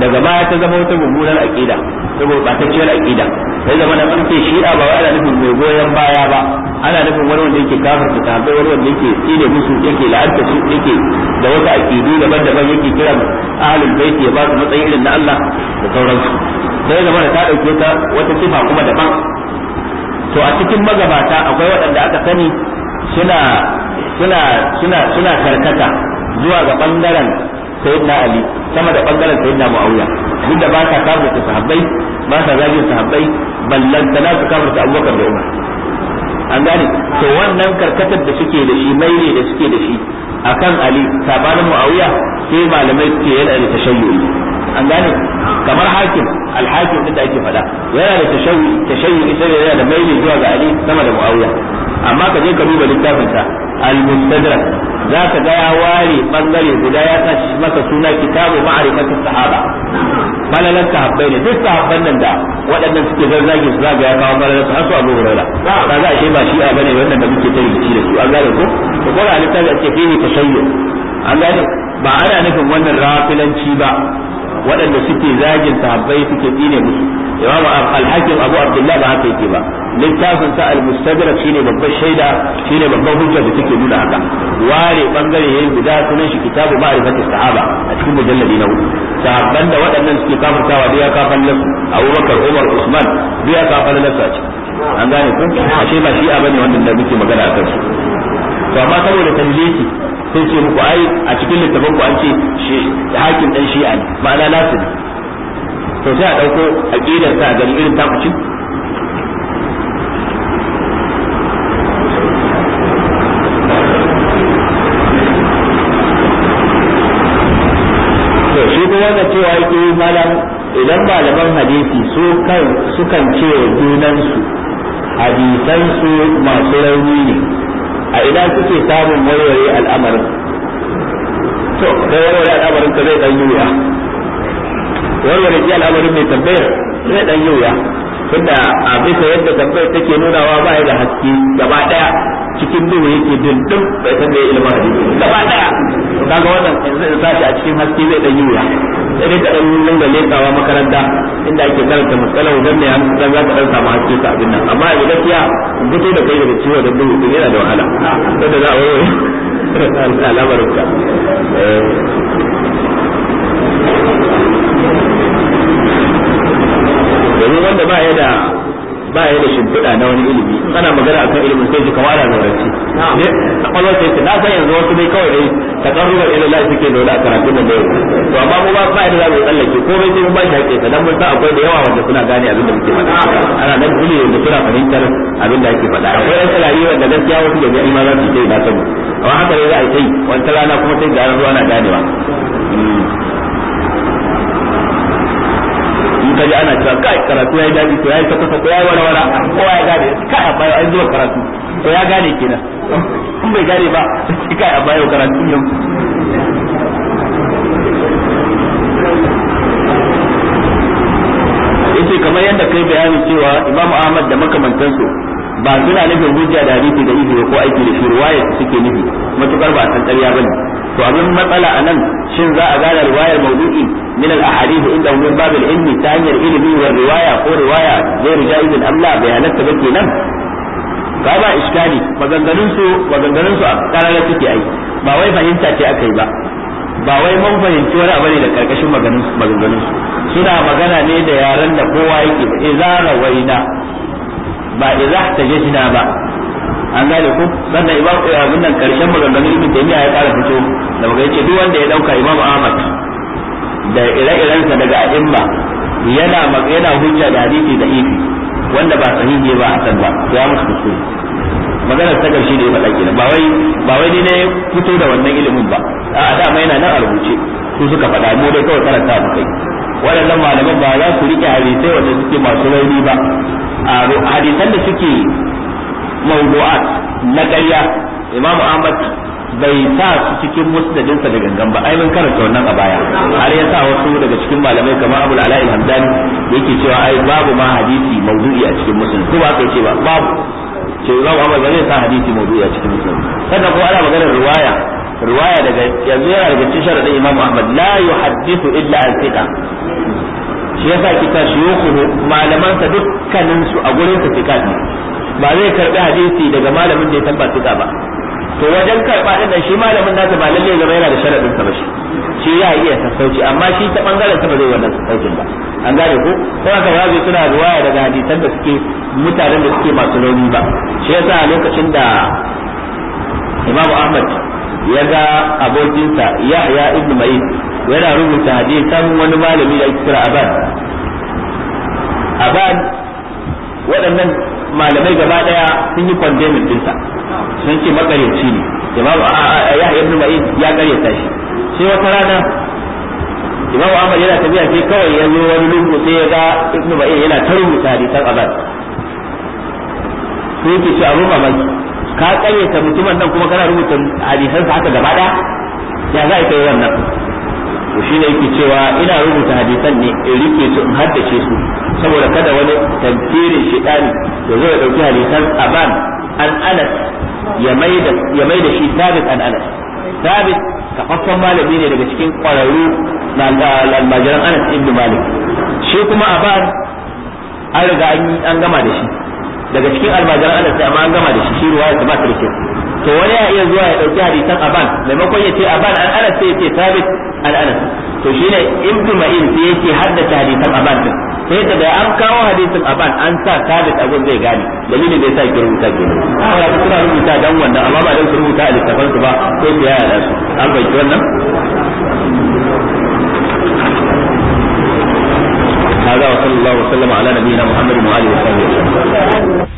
A: daga baya ta zama wata mummunar aqida saboda batacciyar aqida sai zama da karfe shi ba bawa ana nufin mai goyon baya ba ana nufin wani wanda yake kafir ta tabai wani wanda yake tsine musu yake la'anta su yake da wata aqidu daban-daban yake kiran ahlul bait ya ba su matsayi irin na Allah da sauransu sai zama da ta dauke ta wata sifa kuma daban to a cikin magabata akwai waɗanda aka sani suna suna suna suna karkata zuwa ga bangaren sayyidina ali sama da bangaren sayyidina muawiya duk da ba sa kafirta sahabbai ba sa zagin sahabbai ballan da su kafirta abubakar da umar an gane to wannan karkatar da suke da shi maile da suke da shi akan ali sabanin muawiya sai malamai suke yana da tashayyu'i an gane kamar hakim alhakim din da ake faɗa yana da tashayyu'i tashayyu'i sai yana da maile zuwa ga ali sama da muawiya amma ka je ka duba littafin sa al-mustadrak za ka ga ya ware bangare guda ya sa masa suna kitabu ma'arifatu sahaba malalan sahabbai ne duk sahabban nan da waɗannan suke zazzage su zaga ya kawo malalan su asu abu hurairah ba za a ce ba a bane wannan da muke tare da shi da su an gane ko to ko da alisabi ake ta shayyo an gane ba ana nufin wannan rafilanci ba waɗanda suke zagin sahabbai suke tsine musu imamu al-hakim abu abdullah ba haka yake ba littafin sa al-mustadrak shine babban shaida shine babban hujja da take nuna haka ware bangare yayin guda sunan shi kitabu ma'rifatis sahaba a cikin mujalladi na hudu sahabban da waɗannan suke kafirtawa da ya kafan nasu abubakar umar usman da ya kafan nasu a ciki an gane ko ashe ba shi bane wannan da muke magana akan su to amma saboda tanjiki sai ce muku ai a cikin littafin ku an ce hakim dan shi'a ne ma'ana nasu ne to sai a dauko aqidar sa ga irin ta kuci to shi kuma da cewa yake malam idan malaman hadisi su kan sukan ce junansu su masu rauni ne a idan suke samun warware al'amarin to da warware al'amarin ka zai dan yi wuya warware ji al'amarin mai tambayar zai dan yiwuya tunda a bisa yadda tambayar take nunawa ba ya da haske gaba daya cikin duhu yake bin duk bai san da ya ilma hadisi gaba daya kaga wannan zai sa shi a cikin haske zai dan yiwuya sai da ka dan dinga lekawa makaranta inda ake karanta matsalar dan ne an san za ka dan samu haske ka abin nan amma yanzu gaskiya fito da kai daga ciwo da duhu din yana da wahala sai za a warware *laughs* al'amarin ka eh. domin wanda ba ya da ba ya da shimfiɗa na wani ilimi kana magana akan ilimin sai jika wala da rance ne a kwallon sai na san yanzu wasu dai kawai dai ta karruwar ilila suke zaune a karatun da yau to amma mu ba da za mu tsallake mai sai mu ba shi haƙƙi dan mun san akwai da yawa wanda suna gane abin da muke faɗa ana nan dole da suna fahimtar abin da ake faɗa akwai yan tsirari wanda gaskiya wasu da gani ma za su yi ta ba amma haka dai za a yi wata rana kuma sai da ruwa na ganewa hmm. kaji ana cewa kai karatu yayi dadi ko yayi takwata ko yayi warwara ko ya gane kai a bayo an zuwa karatu ko ya gane kenan in bai gane ba *laughs* kai a bayo karatu yau yace kamar yadda kai bayani cewa Imam Ahmad da makamantansu ba suna nufin hujja da hadisi da ido ko aiki da shi ruwaya suke nufi matukar ba san ƙarya bane to abin matsala a nan shin za a gane riwayar maudu'i min al ahadith inda min bab al ilmi ta hanyar ilimi wa riwaya ko riwaya zai rijaiz al amla bayanan ta ba nan. ba ba iskali maganganun su maganganun su a karara suke ai ba wai fahimta ce aka yi ba ba wai mun fahimci wani abu ne da karkashin maganganun su suna magana ne da yaran da kowa yake ba idza rawaina ba idza tajina ba an gane ku sannan imam eh, abin nan karshen maganganun ibn taymiya ya fara fito da maga yace duk wanda ya dauka imam ahmad da ire-irensa daga a'imma yana yana hujja da hadisi da ifi wanda ba sahihi ba a san ba ya musu kuskure maganar ta karshe da ya faɗa kenan ba wai ba wai ni ne fito da wannan ilimin ba a dama yana nan a rubuce su suka faɗa mu dai kawai karanta mu kai waɗannan malaman ba za su rike hadisai wanda suke masu rauni ba a hadisan da suke mawdu'at na ƙarya imam ahmad bai sa su cikin musnadinsa da gangan ba ai karanta wannan a baya har ya sa wasu daga cikin malamai kamar abul ala'i hamdani yake cewa ai babu ma hadisi mawdu'i a cikin musnad ko ba ka ce ba babu ce imam ahmad ba zai sa hadisi mawdu'i a cikin musnad sannan ko ana maganar riwaya riwaya daga yanzu yana daga cikin sharadin imam ahmad la yuhaddithu illa an thiqa shi yasa kita shuyukhu malaman sa dukkanin su a gurin sa thiqat ba zai karbi hadisi daga malamin da ya tabbata ga ba to wajen karba din shi malamin nasa ba lalle zama yana da sharadin sa ba shi shi ya iya sassauci amma shi ta bangaren sa ba zai wannan sassaucin ba an gane ko ko aka wazi suna ruwaya daga hadisan da suke mutanen da suke masu rauni ba shi yasa a lokacin da Imam Ahmad ya ga abokinsa Yahya ibn Ma'in yana rubuta hadisan wani malami da kira Aban Aban waɗannan malamai gaba ɗaya sun yi kwandemin dinsa sun ce makaryaci ne imam yahya ibn ma'in ya karyata shi sai wata rana imam ahmad yana tafiya sai kawai ya zo wani lungu sai ya ga ibn ma'in yana ta rubuta hadisan azan sai yake ce abu mamaki ka karyata mutumin nan kuma kana rubuta hadisansa haka gaba ɗaya ya za a kai wannan to shi ne yake cewa ina rubuta hadisan ne in rike su in haddace su saboda kada wani tantirin shidani ya da zai dauki hadisan aban an anas ya mai da shi sabit an anas sabit kafaffen malami ne daga cikin kwararru na almajiran anas ibn malik shi kuma aban an riga an gama da shi daga cikin almajiran Allah sai amma an gama da shi shi ruwaya ta ba ta to wani ya iya zuwa ya dauki hadisan aban maimakon ya ce aban an Anas sai ya ce sabit an Anas to ne ibnu ma'in sai yake haddace hadisan aban din sai daga an kawo hadisin aban an sa sabit abun zai gane dalilin da yasa ki rubuta amma ya ku suna rubuta dan wannan amma ba dan su rubuta a littafin su ba sai su yaya su an bai wannan هذا وصلى الله وسلم على
B: نبينا محمد وعلى اله وصحبه وسلم